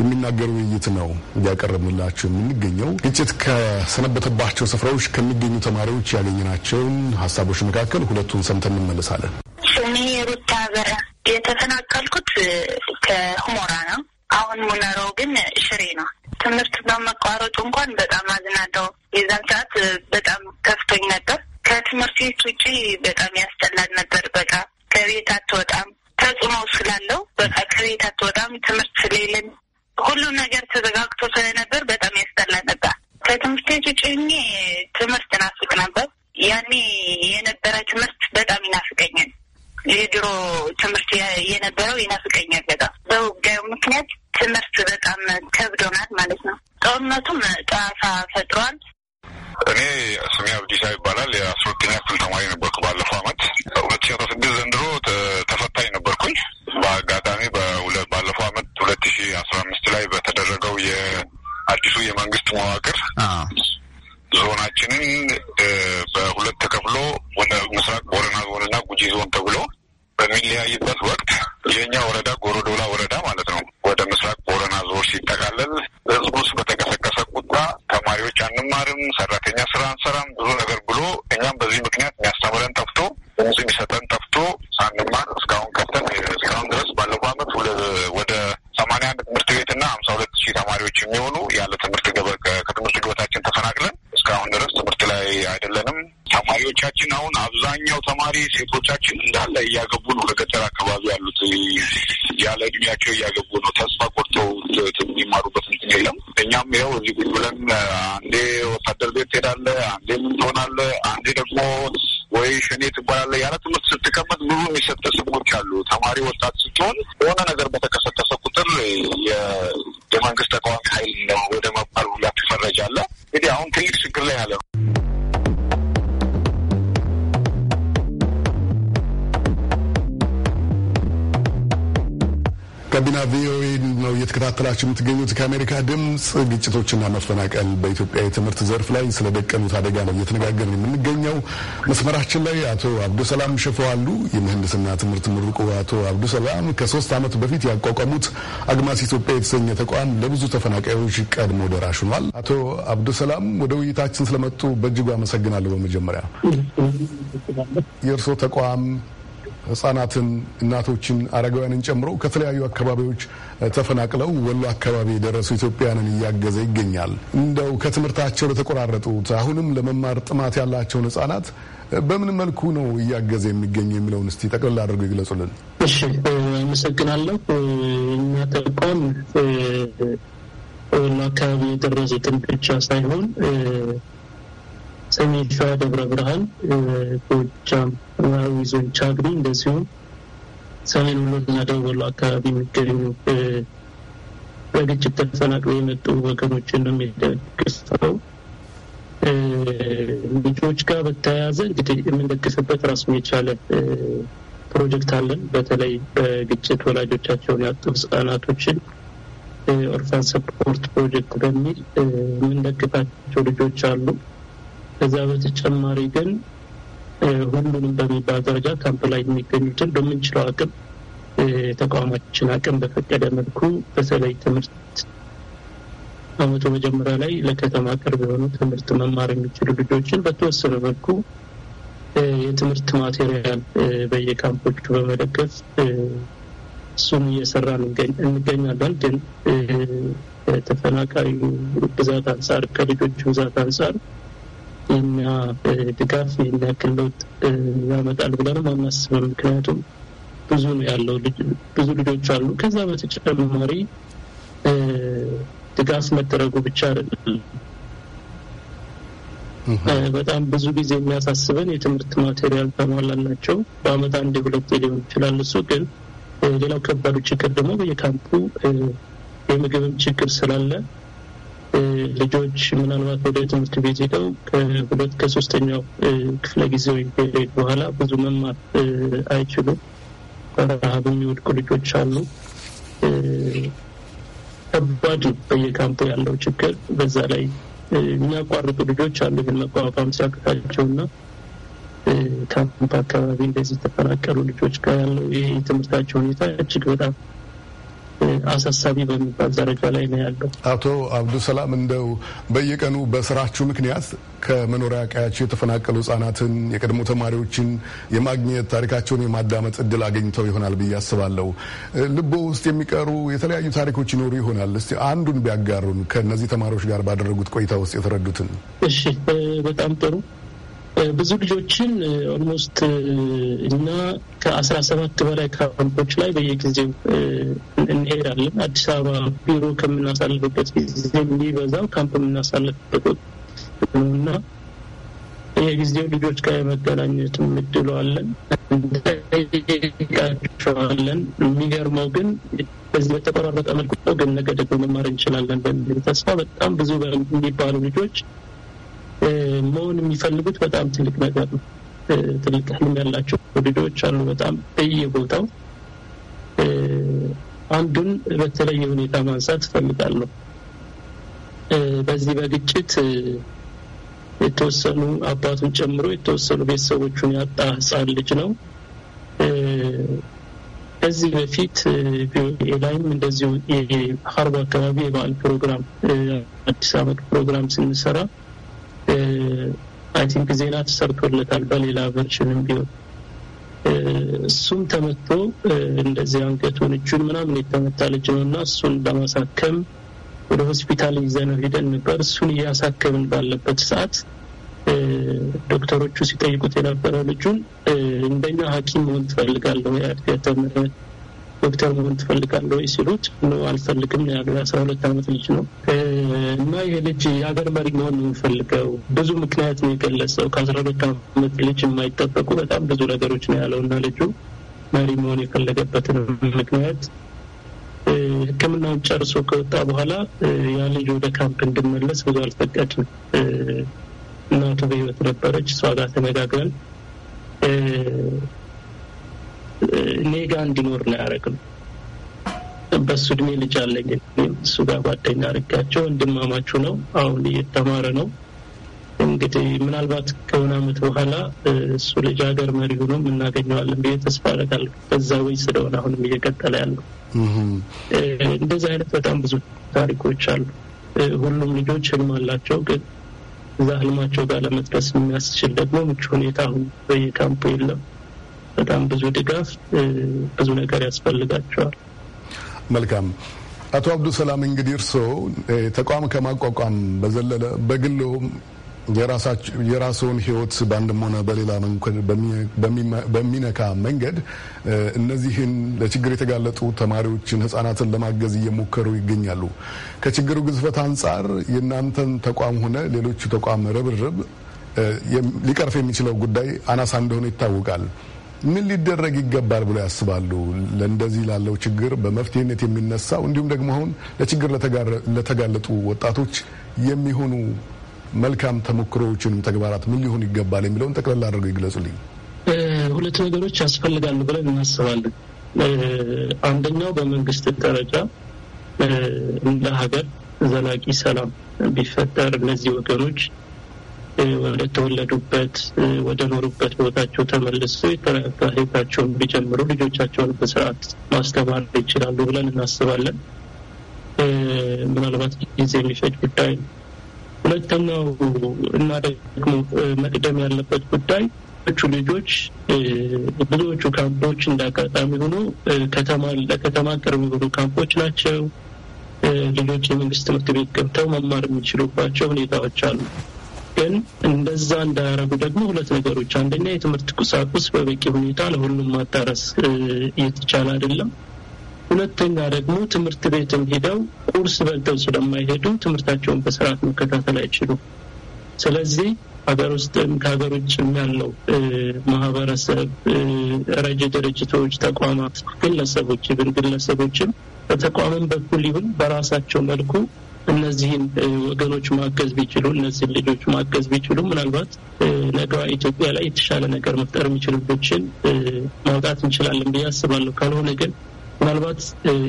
የሚናገር ውይይት ነው እያቀረብንላቸው የምንገኘው። ግጭት ከሰነበተባቸው ስፍራዎች ከሚገኙ ተማሪዎች ያገኘናቸውን ሀሳቦች መካከል ሁለቱን ሰምተን እንመለሳለን። ስሜ ሩታ በራ። የተፈናቀልኩት ከሁሞራ ነው። አሁን ሙነረው ግን ሽሬ ነው። ትምህርት በመቋረጡ እንኳን በጣም አዝናለሁ። የዛን ሰዓት በጣም ከፍቶኝ ነበር። ከትምህርት ቤት ውጪ በጣም ያስጠላል ነበር። በቃ ከቤት አትወጣም፣ ተጽዕኖ ስላለው በቃ ከቤት አትወጣም። ትምህርት ስለሌለን ሁሉ ነገር ተዘጋግቶ ስለነበር በጣም ያስጠላል ነበር። ከትምህርት ቤት ውጪ ሆኜ ትምህርት ናፍቅ ነበር። ያኔ የነበረ ትምህርት በጣም ይናፍቀኛል። የድሮ ትምህርት የነበረው ይናፍቀኛል በጣም በውጋዩ ምክንያት ትምህርት በጣም ከብዶናል ማለት ነው። ጦርነቱም ጣፋ ፈጥሯል። እኔ ስሜ አብዲሳ ይባላል። የአስሮኪና ክፍል ተማሪ ነበርኩ ባለፈው አመት ሁለት ሺ አስራ ስድስት ዘንድሮ ተፈታኝ ነበርኩኝ። በአጋጣሚ ባለፈው አመት ሁለት ሺ አስራ አምስት ላይ በተደረገው የአዲሱ የመንግስት መዋቅር ዞናችንን በሁለት ተከፍሎ ወደ ምስራቅ ቦረና ዞንና ጉጂ ዞን ተብሎ በሚለያይበት ወቅት የእኛ ወረዳ ጎሮዶላ ወረዳ ማለት ነው ወደ ምስራቅ ቦረና ዞን ሲጠቃለል ህዝቡ ውስጥ አንማርም፣ ሰራተኛ ስራ አንሰራም፣ ብዙ ነገር ብሎ እኛም በዚህ ምክንያት የሚያስተምረን ጠፍቶ ደሞዝ የሚሰጠን ጠፍቶ ሳንማር እስካሁን ከፍተን እስካሁን ድረስ ባለፈው አመት ወደ ሰማንያ አንድ ትምህርት ቤት ቤትና ሀምሳ ሁለት ሺህ ተማሪዎች የሚሆኑ ያለ ትምህርት ከትምህርት ገበታችን ተፈናቅለን እስካሁን ድረስ ትምህርት ላይ አይደለንም። ተማሪዎቻችን አሁን አብዛኛው ተማሪ ሴቶቻችን እንዳለ እያገቡ ነው። ከገጠር አካባቢ ያሉት ያለ እድሜያቸው እያገቡ ነው። ተስፋ ቆርተው የሚማሩበት እንትን የለም። እኛም ው እዚህ ቁጭ ብለን አንዴ ወታደር ቤት ትሄዳለ፣ አንዴ ምን ትሆናለ፣ አንዴ ደግሞ ወይ ሸኔ ትባላለ ያለ ትምህርት ስትቀመጥ ብዙ የሚሰጠ ስሞች አሉ። ተማሪ ወጣት ስትሆን የሆነ ነገር በተከሰከሰ ቁጥር የመንግስት ተቃዋሚ ኃይል ነው ወደ መባል ሁላ ትፈረጃለ። እንግዲህ አሁን ትልቅ ችግር ላይ ያለ ነው። ጋቢና ቪኦኤ ነው እየተከታተላችሁ የምትገኙት ከአሜሪካ ድምፅ። ግጭቶችና መፈናቀል በኢትዮጵያ የትምህርት ዘርፍ ላይ ስለደቀኑት አደጋ ነው እየተነጋገርን የምንገኘው። መስመራችን ላይ አቶ አብዱሰላም ሸፈው አሉ። የምህንድስና ትምህርት ምሩቁ አቶ አብዱሰላም ከሶስት ዓመት በፊት ያቋቋሙት አግማስ ኢትዮጵያ የተሰኘ ተቋም ለብዙ ተፈናቃዮች ቀድሞ ደራሽ ሆኗል። አቶ አብዱሰላም ወደ ውይይታችን ስለመጡ በእጅጉ አመሰግናለሁ። በመጀመሪያ የእርስዎ ተቋም ህጻናትን፣ እናቶችን፣ አረጋውያንን ጨምሮ ከተለያዩ አካባቢዎች ተፈናቅለው ወሎ አካባቢ የደረሱ ኢትዮጵያውያንን እያገዘ ይገኛል። እንደው ከትምህርታቸው ለተቆራረጡት አሁንም ለመማር ጥማት ያላቸውን ህጻናት በምን መልኩ ነው እያገዘ የሚገኝ የሚለውን እስቲ ጠቅልል አድርገው ይግለጹልን። እሺ፣ አመሰግናለሁ። እኛ ተቋም ወሎ አካባቢ የደረሱትን ብቻ ሳይሆን ሰሜን ሸዋ፣ ደብረ ብርሃን፣ ጎጃም መራዊ ዞን ቻግኒ እንደዚሁም ሰሜን ወሎና ደቡብ ወሎ አካባቢ የሚገኙ በግጭት ተፈናቅለው የመጡ ወገኖችን ነው የሚደግፈው። ልጆች ጋር በተያያዘ እንግዲህ የምንደግፍበት ራሱን የቻለ ፕሮጀክት አለን። በተለይ በግጭት ወላጆቻቸውን ያጡ ህጻናቶችን ኦርፋን ሰፖርት ፕሮጀክት በሚል የምንደግፋቸው ልጆች አሉ። ከዛ በተጨማሪ ግን ሁሉንም በሚባል ደረጃ ካምፕ ላይ የሚገኙትን በምንችለው አቅም ተቋማችን አቅም በፈቀደ መልኩ በተለይ ትምህርት አመቱ መጀመሪያ ላይ ለከተማ ቅርብ የሆኑ ትምህርት መማር የሚችሉ ልጆችን በተወሰነ መልኩ የትምህርት ማቴሪያል በየካምፖቹ በመደገፍ እሱን እየሰራ እንገኛለን። ግን ተፈናቃዩ ብዛት አንጻር ከልጆቹ ብዛት አንጻር ድጋፍ ይህን ለውጥ ያመጣል ብለንም አናስብም። ምክንያቱም ብዙ ነው ያለው፣ ብዙ ልጆች አሉ። ከዛ በተጨማሪ ድጋፍ መደረጉ ብቻ አይደለም። በጣም ብዙ ጊዜ የሚያሳስበን የትምህርት ማቴሪያል ተሟላላቸው በአመት አንድ ሁለቴ ሊሆን ይችላል። እሱ ግን ሌላው ከባዱ ችግር ደግሞ በየካምፑ የምግብም ችግር ስላለ ልጆች ምናልባት ወደ ትምህርት ቤት ሄደው ከሁለት ከሶስተኛው ክፍለ ጊዜ ወይም በኋላ ብዙ መማር አይችሉም። በረሃብ የሚወድቁ ልጆች አሉ። ከባድ ነው በየካምፑ ያለው ችግር። በዛ ላይ የሚያቋርጡ ልጆች አሉ ይህን መቋቋም ሲያቅታቸውና ካምፕ አካባቢ እንደዚህ የተፈናቀሉ ልጆች ጋር ያለው ይህ የትምህርታቸው ሁኔታ እጅግ በጣም አሳሳቢ በሚባል ደረጃ ላይ ነው ያለው። አቶ አብዱሰላም እንደው በየቀኑ በስራችሁ ምክንያት ከመኖሪያ ቀያቸው የተፈናቀሉ ህጻናትን፣ የቀድሞ ተማሪዎችን የማግኘት ታሪካቸውን የማዳመጥ እድል አገኝተው ይሆናል ብዬ አስባለሁ። ልቦ ውስጥ የሚቀሩ የተለያዩ ታሪኮች ይኖሩ ይሆናል። እስቲ አንዱን ቢያጋሩን ከእነዚህ ተማሪዎች ጋር ባደረጉት ቆይታ ውስጥ የተረዱትን። እሺ፣ በጣም ጥሩ ብዙ ልጆችን ኦልሞስት እና ከአስራ ሰባት በላይ ካምፖች ላይ በየጊዜው እንሄዳለን። አዲስ አበባ ቢሮ ከምናሳልፍበት ጊዜ የሚበዛው ካምፕ የምናሳልፍበት ነው እና የጊዜው ልጆች ጋር የመገናኘት ምድለዋለን እንጠይቃቸዋለን። የሚገርመው ግን በዚህ በተቆራረጠ መልኩ ግን ነገ ደግሞ መማር እንችላለን በሚል ተስፋ በጣም ብዙ የሚባሉ ልጆች መሆን የሚፈልጉት በጣም ትልቅ ነገር ነው። ትልቅ ህልም ያላቸው ወደዶች አሉ። በጣም በየቦታው አንዱን በተለየ ሁኔታ ማንሳት እፈልጋለሁ። በዚህ በግጭት የተወሰኑ አባቱን ጨምሮ የተወሰኑ ቤተሰቦቹን ያጣ ህፃን ልጅ ነው። ከዚህ በፊት ቪኦኤ ላይም እንደዚሁ የሀርቦ አካባቢ የበዓል ፕሮግራም አዲስ አመት ፕሮግራም ስንሰራ አይ ቲንክ ዜና ተሰርቶለታል በሌላ ቨርሽንም ቢሆን እሱም ተመቶ እንደዚህ አንገቱን እጁን ምናምን የተመታ ልጅ ነው እና እሱን ለማሳከም ወደ ሆስፒታል ይዘነው ሂደን ነበር። እሱን እያሳከምን ባለበት ሰዓት ዶክተሮቹ ሲጠይቁት የነበረው ልጁን እንደኛ ሐኪም መሆን ትፈልጋለሁ የአድገ ዶክተር መሆን ትፈልጋለሁ ወይ ሲሉት አልፈልግም ያሉ አስራ ሁለት ዓመት ልጅ ነው እና ይሄ ልጅ የሀገር መሪ መሆን የሚፈልገው ብዙ ምክንያት ነው የገለጸው። ከአስራ ሁለት ዓመት ልጅ የማይጠበቁ በጣም ብዙ ነገሮች ነው ያለው እና ልጁ መሪ መሆን የፈለገበትን ምክንያት ሕክምናውን ጨርሶ ከወጣ በኋላ ያ ልጅ ወደ ካምፕ እንድመለስ ብዙ አልፈቀድም። እናቱ በህይወት ነበረች። እሷ ጋር ተነጋግረን እኔ ጋ እንዲኖር ነው ያደረግም። በሱ እድሜ ልጅ አለኝ። እሱ ጋር ጓደኛ አድርጋቸው ወንድማማቹ ነው። አሁን እየተማረ ነው። እንግዲህ ምናልባት ከሆነ አመት በኋላ እሱ ልጅ ሀገር መሪ ሆኖ እናገኘዋለን ብዬ ተስፋ አደርጋለሁ። በዛ ወይ ስለሆነ አሁንም እየቀጠለ ያለው እንደዚህ አይነት በጣም ብዙ ታሪኮች አሉ። ሁሉም ልጆች ህልም አላቸው፣ ግን እዛ ህልማቸው ጋር ለመድረስ የሚያስችል ደግሞ ምቹ ሁኔታ አሁን በየካምፑ የለም። በጣም ብዙ ድጋፍ፣ ብዙ ነገር ያስፈልጋቸዋል። መልካም አቶ አብዱሰላም ሰላም እንግዲህ እርስዎ ተቋም ከማቋቋም በዘለለ በግሎም የራስዎን ሕይወት በአንድም ሆነ በሌላ በሚነካ መንገድ እነዚህን ለችግር የተጋለጡ ተማሪዎችን፣ ህጻናትን ለማገዝ እየሞከሩ ይገኛሉ። ከችግሩ ግዝፈት አንጻር የእናንተን ተቋም ሆነ ሌሎቹ ተቋም ርብርብ ሊቀርፍ የሚችለው ጉዳይ አናሳ እንደሆነ ይታወቃል። ምን ሊደረግ ይገባል ብለው ያስባሉ? ለእንደዚህ ላለው ችግር በመፍትሄነት የሚነሳው እንዲሁም ደግሞ አሁን ለችግር ለተጋለጡ ወጣቶች የሚሆኑ መልካም ተሞክሮዎችንም ተግባራት ምን ሊሆን ይገባል የሚለውን ጠቅላላ አድርገው ይግለጹልኝ። ሁለት ነገሮች ያስፈልጋሉ ብለን እናስባለን። አንደኛው በመንግስት ደረጃ እንደ ሀገር ዘላቂ ሰላም ቢፈጠር እነዚህ ወገኖች ወደ ተወለዱበት ወደ ኖሩበት ቦታቸው ተመልሶ የተረጋጋ ህይወታቸውን ቢጀምሩ ልጆቻቸውን በስርዓት ማስተማር ይችላሉ ብለን እናስባለን። ምናልባት ጊዜ የሚፈጅ ጉዳይ ነው። ሁለተኛው እና ደግሞ መቅደም ያለበት ጉዳይ ቹ ልጆች ብዙዎቹ ካምፖች እንዳጋጣሚ ሆኖ ከተማ ለከተማ ቅርብ የሆኑ ካምፖች ናቸው። ልጆች የመንግስት ትምህርት ቤት ገብተው መማር የሚችሉባቸው ሁኔታዎች አሉ። ግን እንደዛ እንዳያረጉ ደግሞ ሁለት ነገሮች፣ አንደኛ የትምህርት ቁሳቁስ በበቂ ሁኔታ ለሁሉም ማዳረስ እየተቻለ አይደለም። ሁለተኛ ደግሞ ትምህርት ቤትም ሄደው ቁርስ በልተው ስለማይሄዱ ትምህርታቸውን በስርዓት መከታተል አይችሉም። ስለዚህ ሀገር ውስጥም ከሀገር ውጭም ያለው ማህበረሰብ፣ ረጅ ድርጅቶች፣ ተቋማት፣ ግለሰቦች ብን ግለሰቦችም በተቋምም በኩል ይሁን በራሳቸው መልኩ እነዚህን ወገኖች ማገዝ ቢችሉ፣ እነዚህን ልጆች ማገዝ ቢችሉ ምናልባት ነገዋ ኢትዮጵያ ላይ የተሻለ ነገር መፍጠር የሚችሉ ማውጣት እንችላለን ብዬ አስባለሁ። ካልሆነ ግን ምናልባት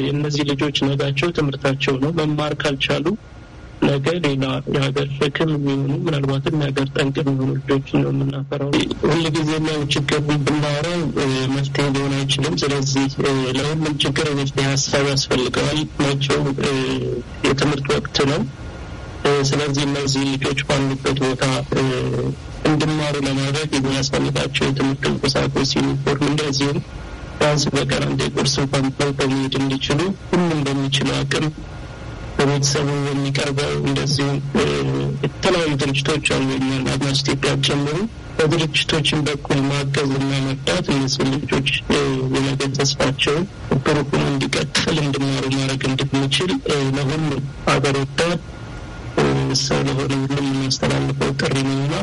የእነዚህ ልጆች ነጋቸው ትምህርታቸው ነው። መማር ካልቻሉ ነገ ሌላ የሀገር ሸክም የሚሆኑ ምናልባትም የሀገር ጠንቅ የሚሆኑ ልጆችን ነው የምናፈራው። ሁልጊዜ ያው ችግር ብናወራው መፍትሄ ሊሆን አይችልም። ስለዚህ ለሁሉም ችግር የመፍትሄ ሀሳብ ያስፈልገዋል። መጪው የትምህርት ወቅት ነው። ስለዚህ እነዚህ ልጆች ባሉበት ቦታ እንድማሩ ለማድረግ የሚያስፈልጋቸው የትምህርት ቁሳቁስ፣ ዩኒፎርም እንደዚሁም ቢያንስ በቀን አንዴ ቁርስ እንኳን በልተው መሄድ እንዲችሉ ሁሉም በሚችለው አቅም በቤተሰቡ የሚቀርበው እንደዚሁም የተለያዩ ድርጅቶች አሉ። እኛን አድማስ ኢትዮጵያ ጨምሮ በድርጅቶችን በኩል ማገዝ እና መርዳት እነዚህ ልጆች የነገ ተስፋቸው ብሩህ ሆኖ እንዲቀጥል እንድማሩ ማድረግ እንድንችል ለሁሉ አገር ወዳድ ሰው ለሆነ ሁሉም የምናስተላልፈው ጥሪ ነው ነውና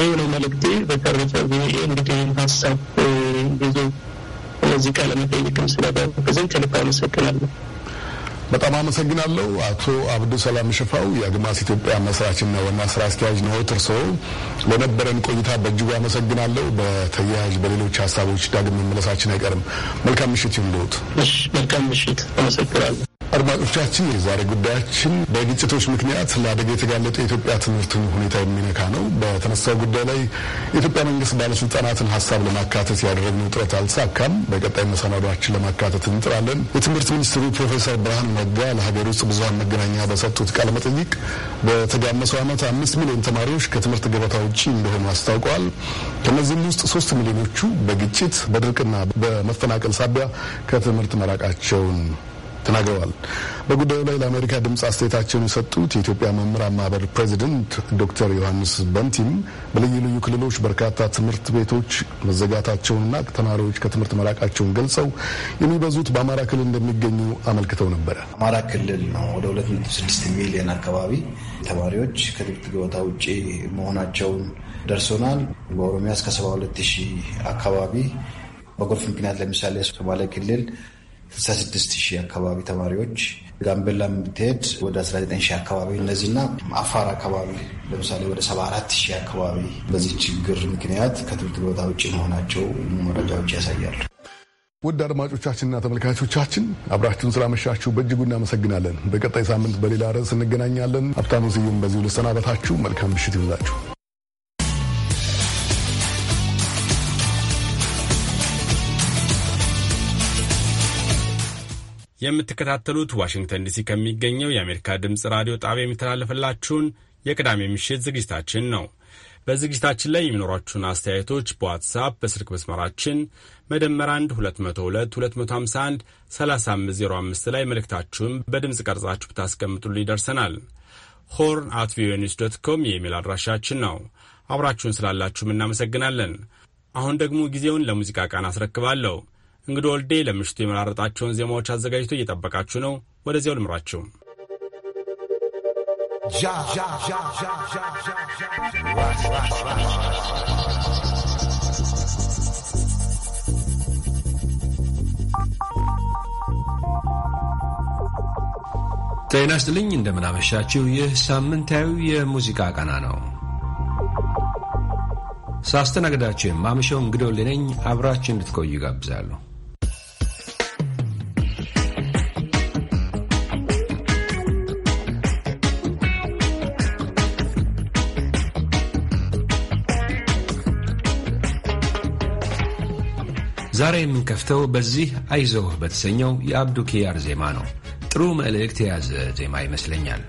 ይህ ነው መልእክቴ። በተረፈ ቪኦኤ እንግዲህ ሀሳብ ብዙ ለዚህ ቃለመጠይቅም ጊዜ ከልብ አመሰግናለሁ። በጣም አመሰግናለሁ። አቶ አብዱ ሰላም ሽፋው የአግማስ ኢትዮጵያ መስራችና ዋና ስራ አስኪያጅ ነው እርስዎ ለነበረን ቆይታ በእጅጉ አመሰግናለሁ። በተያያዥ በሌሎች ሀሳቦች ዳግም መመለሳችን አይቀርም። መልካም ምሽት ይሁንልዎት። መልካም ምሽት። አመሰግናለሁ። አድማጮቻችን፣ የዛሬ ጉዳያችን በግጭቶች ምክንያት ለአደጋ የተጋለጠ የኢትዮጵያ ትምህርትን ሁኔታ የሚነካ ነው። በተነሳው ጉዳይ ላይ የኢትዮጵያ መንግስት ባለስልጣናትን ሀሳብ ለማካተት ያደረግነው ጥረት አልተሳካም። በቀጣይ መሰናዷችን ለማካተት እንጥራለን። የትምህርት ሚኒስትሩ ፕሮፌሰር ብርሃን ነጋ ለሀገር ውስጥ ብዙሀን መገናኛ በሰጡት ቃለ መጠይቅ በተጋመሰው ዓመት አምስት ሚሊዮን ተማሪዎች ከትምህርት ገበታ ውጪ እንደሆኑ አስታውቀዋል። ከነዚህም ውስጥ ሶስት ሚሊዮኖቹ በግጭት በድርቅና በመፈናቀል ሳቢያ ከትምህርት መራቃቸውን ተናግረዋል። በጉዳዩ ላይ ለአሜሪካ ድምፅ አስተያየታቸውን የሰጡት የኢትዮጵያ መምህራን ማህበር ፕሬዚደንት ዶክተር ዮሐንስ በንቲም በልዩ ልዩ ክልሎች በርካታ ትምህርት ቤቶች መዘጋታቸውንና ተማሪዎች ከትምህርት መራቃቸውን ገልጸው የሚበዙት በአማራ ክልል እንደሚገኙ አመልክተው ነበረ። አማራ ክልል ነው ወደ 26 ሚሊዮን አካባቢ ተማሪዎች ከትምህርት ገበታ ውጭ መሆናቸውን ደርሶናል። በኦሮሚያ እስከ 72 ሺህ አካባቢ በጎርፍ ምክንያት ለምሳሌ ሶማሌ ክልል 66 ሺህ አካባቢ ተማሪዎች ጋምቤላ ምትሄድ ወደ 19 ሺህ አካባቢ እነዚህና አፋር አካባቢ ለምሳሌ ወደ 74 ሺህ አካባቢ በዚህ ችግር ምክንያት ከትምህርት ገበታ ውጭ መሆናቸው መረጃዎች ያሳያሉ። ውድ አድማጮቻችንና ተመልካቾቻችን አብራችሁን ስላመሻችሁ በእጅጉ እናመሰግናለን። በቀጣይ ሳምንት በሌላ ርዕስ እንገናኛለን። ሀብታሙ ስዩም በዚሁ ልሰናበታችሁ። መልካም ምሽት ይሁንላችሁ። የምትከታተሉት ዋሽንግተን ዲሲ ከሚገኘው የአሜሪካ ድምፅ ራዲዮ ጣቢያ የሚተላለፍላችሁን የቅዳሜ ምሽት ዝግጅታችን ነው። በዝግጅታችን ላይ የሚኖሯችሁን አስተያየቶች በዋትሳፕ በስልክ መስመራችን መደመር 1 202 251 3505 ላይ መልእክታችሁን በድምፅ ቀርጻችሁ ብታስቀምጡልን ይደርሰናል። ሆርን አት ቪኦኤ ኒውስ ዶት ኮም የኢሜል አድራሻችን ነው። አብራችሁን ስላላችሁም እናመሰግናለን። አሁን ደግሞ ጊዜውን ለሙዚቃ ቃና አስረክባለሁ። እንግዶ ወልዴ ለምሽቱ የመራረጣቸውን ዜማዎች አዘጋጅቶ እየጠበቃችሁ ነው። ወደዚያው ልምራችሁ። ጤና ስጥልኝ፣ እንደምናመሻችው። ይህ ሳምንታዊ የሙዚቃ ቀና ነው። ሳስተናግዳችሁ የማምሸው እንግዶልነኝ ወልዴ አብራችሁ እንድትቆዩ ጋብዛለሁ። ዛሬ የምንከፍተው በዚህ አይዞህ በተሰኘው የአብዱኪያር ዜማ ነው። ጥሩ መልእክት የያዘ ዜማ ይመስለኛል።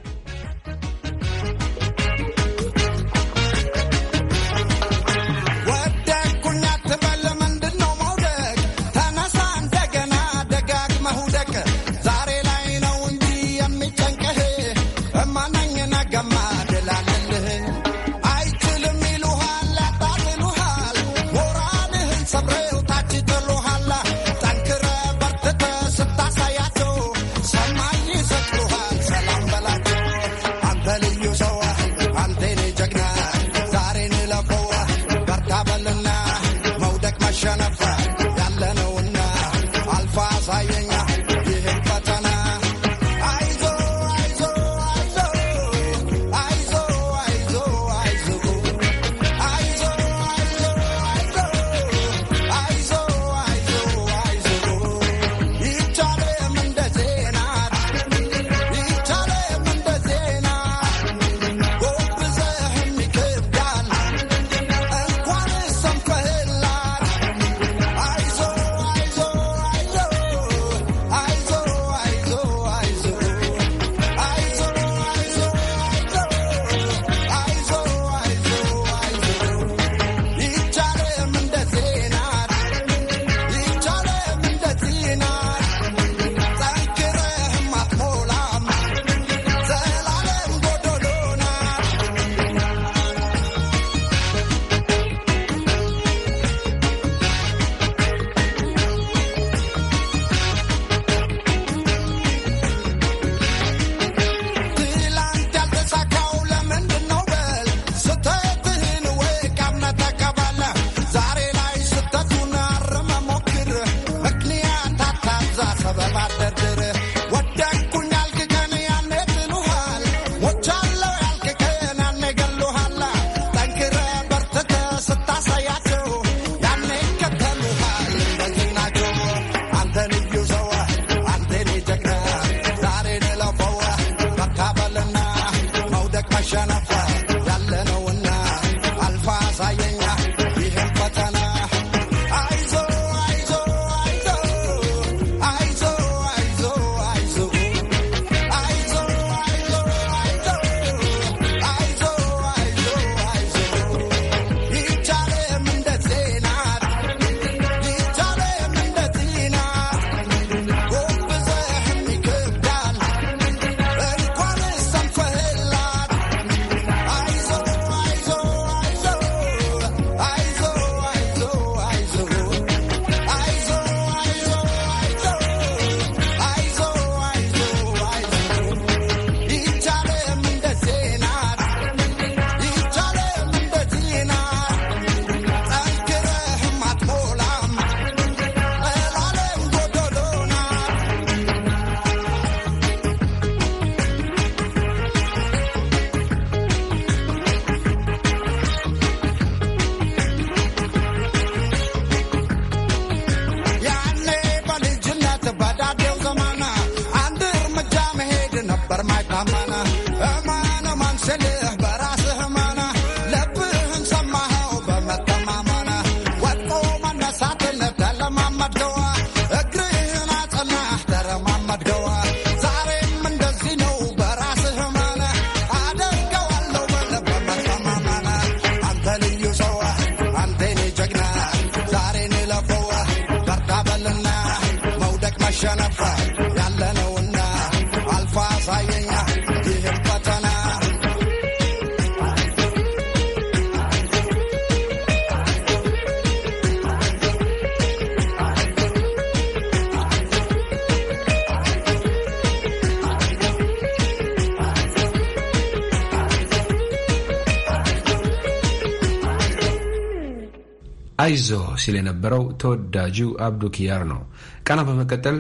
አይዞ ሲል የነበረው ተወዳጁ አብዱ ኪያር ነው። ቀና በመቀጠል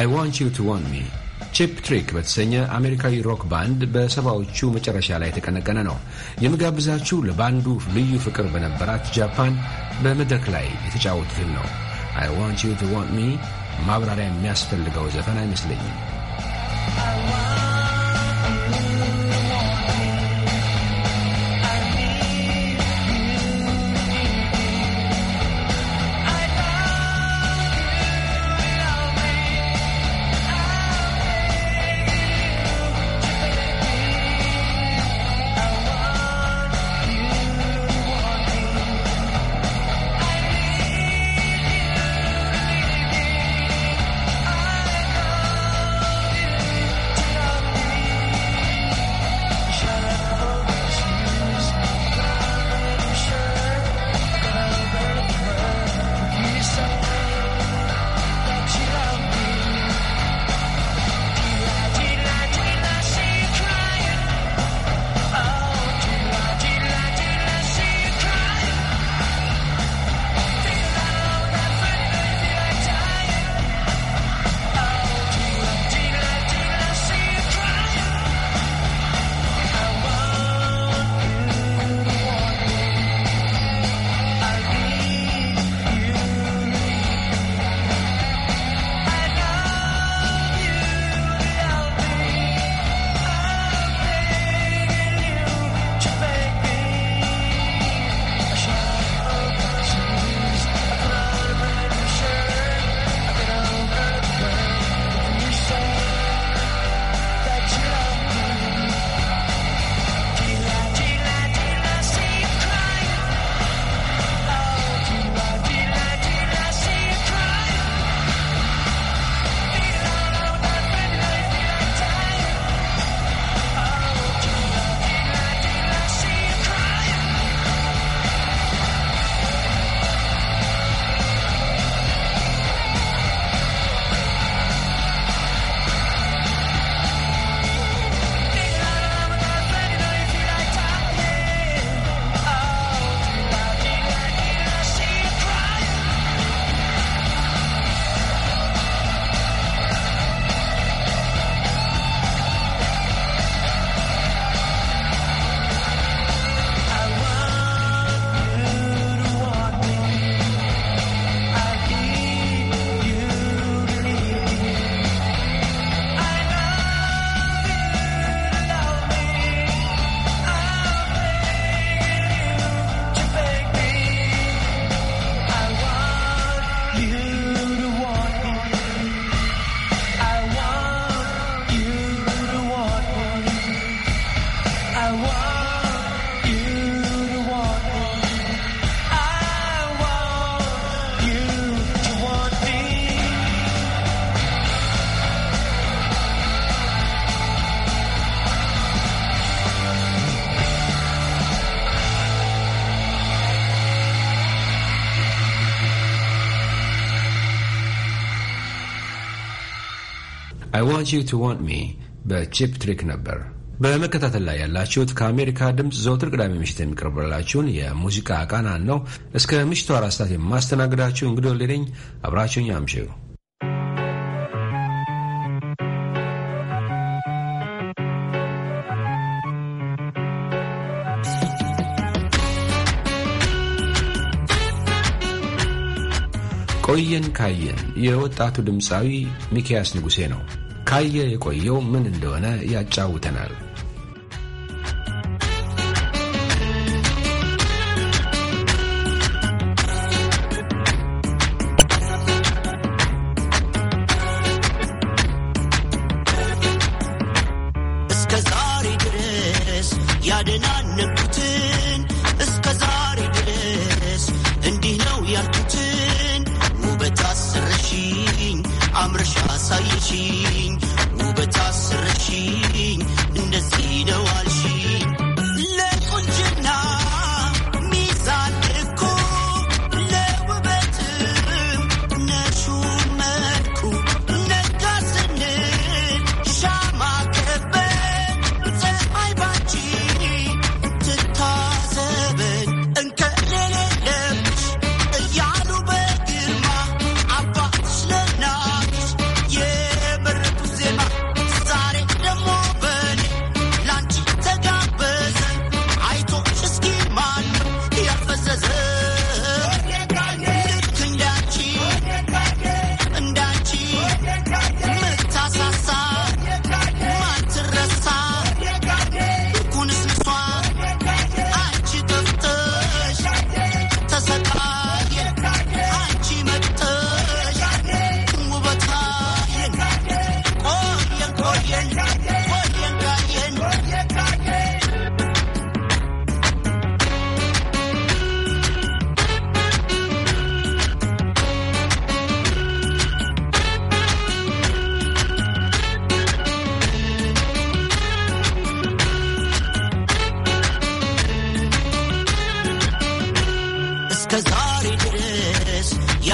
አይ ዋንት ዩ ቱ ዋንት ሚ ቺፕ ትሪክ በተሰኘ አሜሪካዊ ሮክ ባንድ በሰባዎቹ መጨረሻ ላይ የተቀነቀነ ነው። የምጋብዛችሁ ለባንዱ ልዩ ፍቅር በነበራት ጃፓን በመድረክ ላይ የተጫወቱትን ነው። አይ ዋንት ዩ ቱ ዋንት ሚ ማብራሪያ የሚያስፈልገው ዘፈን አይመስለኝም። አይ ዋንት ዩ ቱ ዋንት ሚ በቺፕ ትሪክ ነበር። በመከታተል ላይ ያላችሁት ከአሜሪካ ድምፅ ዘውትር ቅዳሜ ምሽት የሚቀርብላችሁን የሙዚቃ ቃናን ነው። እስከ ምሽቱ አራት ሰዓት የማስተናግዳችሁ እንግዲህ ወልዴ አብራችሁኝ አምሽው። ቆየን ካየን የወጣቱ ድምፃዊ ሚኪያስ ንጉሴ ነው። ካየ የቆየው ምን እንደሆነ ያጫውተናል።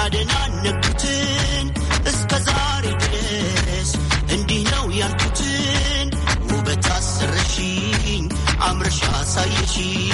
ያደናነኩትን እስከ ዛሬ ድረስ እንዲህ ነው ያልኩትን ውበት አሰረሽኝ አምርሻ አሳየሽኝ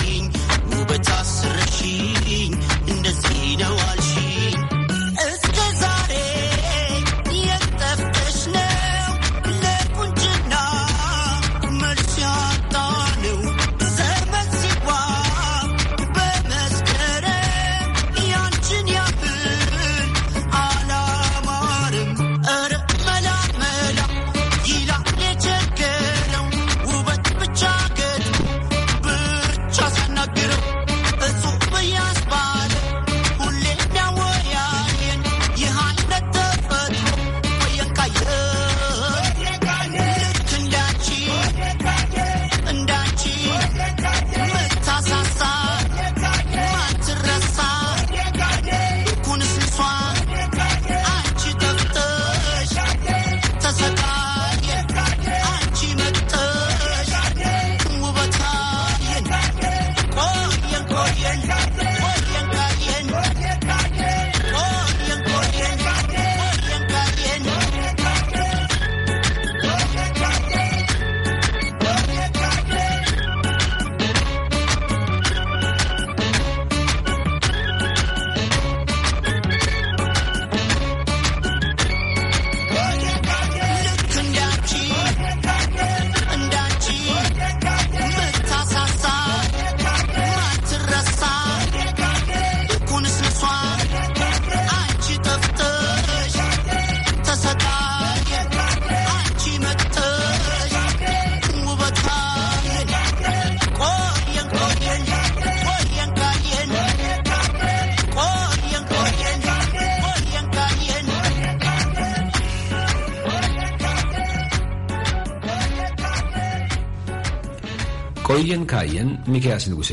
ቆየን ካየን ሚኪያስ ንጉሴ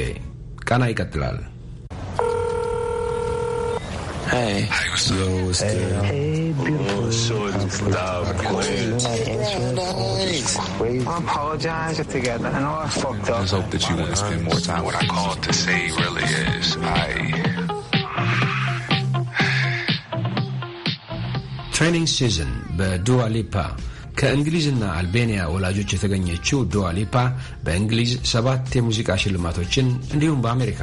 ቃና ይቀጥላል። ትሬኒንግ ሲዝን በዱዋ ሊፓ ከእንግሊዝና አልቤኒያ ወላጆች የተገኘችው ዱዋሊፓ በእንግሊዝ ሰባት የሙዚቃ ሽልማቶችን እንዲሁም በአሜሪካ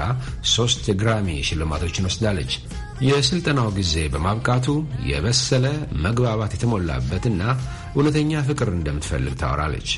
ሶስት የግራሚ ሽልማቶችን ወስዳለች። የሥልጠናው ጊዜ በማብቃቱ የበሰለ መግባባት የተሞላበትና እውነተኛ ፍቅር እንደምትፈልግ ታወራለች።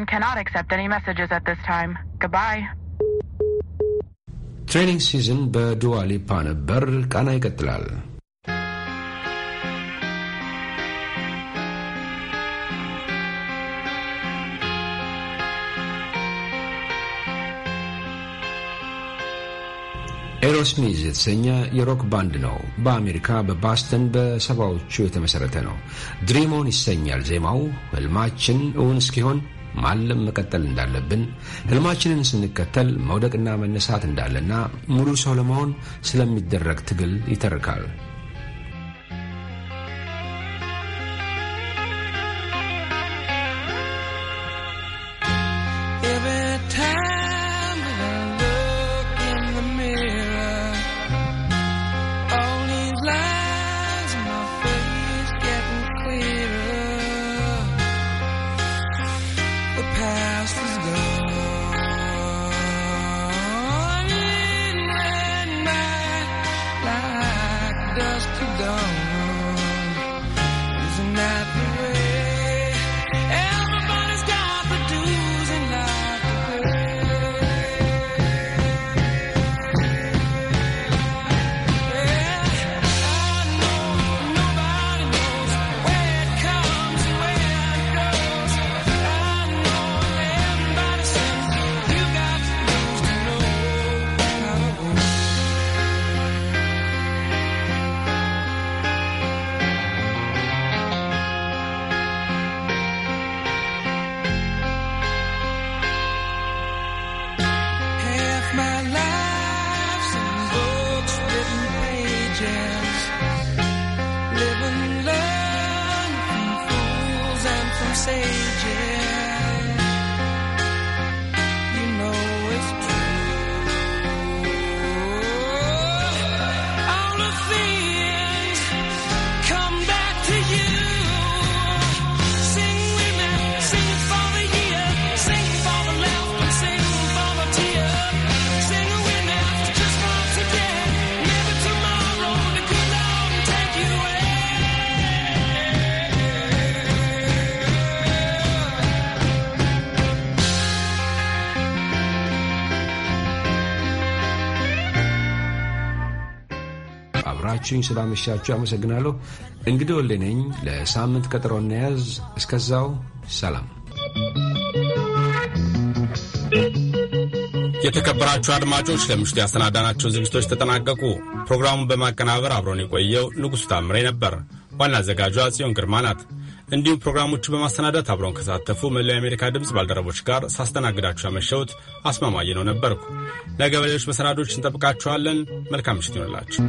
and cannot accept any messages at this time. Goodbye. ትሬኒንግ ሲዝን በዱዋሊፓ ነበር። ቃና ይቀጥላል። ኤሮስሚዝ የተሰኘ የሮክ ባንድ ነው። በአሜሪካ በባስተን በሰባዎቹ የተመሠረተ ነው። ድሪሞን ይሰኛል ዜማው ህልማችን እውን እስኪሆን ማለም መቀጠል እንዳለብን፣ ህልማችንን ስንከተል መውደቅና መነሳት እንዳለና ሙሉ ሰው ለመሆን ስለሚደረግ ትግል ይተርካል። አብራችሁኝ ስላመሻችሁ አመሰግናለሁ። እንግዲህ ወልዴ ነኝ። ለሳምንት ቀጠሮ እናያዝ። እስከዛው ሰላም። የተከበራችሁ አድማጮች ለምሽቱ ያሰናዳናቸው ዝግጅቶች ተጠናቀቁ። ፕሮግራሙን በማቀናበር አብሮን የቆየው ንጉሥ ታምሬ ነበር። ዋና አዘጋጇ ጽዮን ግርማ ናት። እንዲሁም ፕሮግራሞቹን በማሰናዳት አብረውን ከሳተፉ መላው የአሜሪካ ድምፅ ባልደረቦች ጋር ሳስተናግዳችሁ ያመሸሁት አስማማኝ ነው ነበርኩ። ነገ በሌሎች መሰናዶች እንጠብቃችኋለን። መልካም ምሽት ይሆንላችሁ።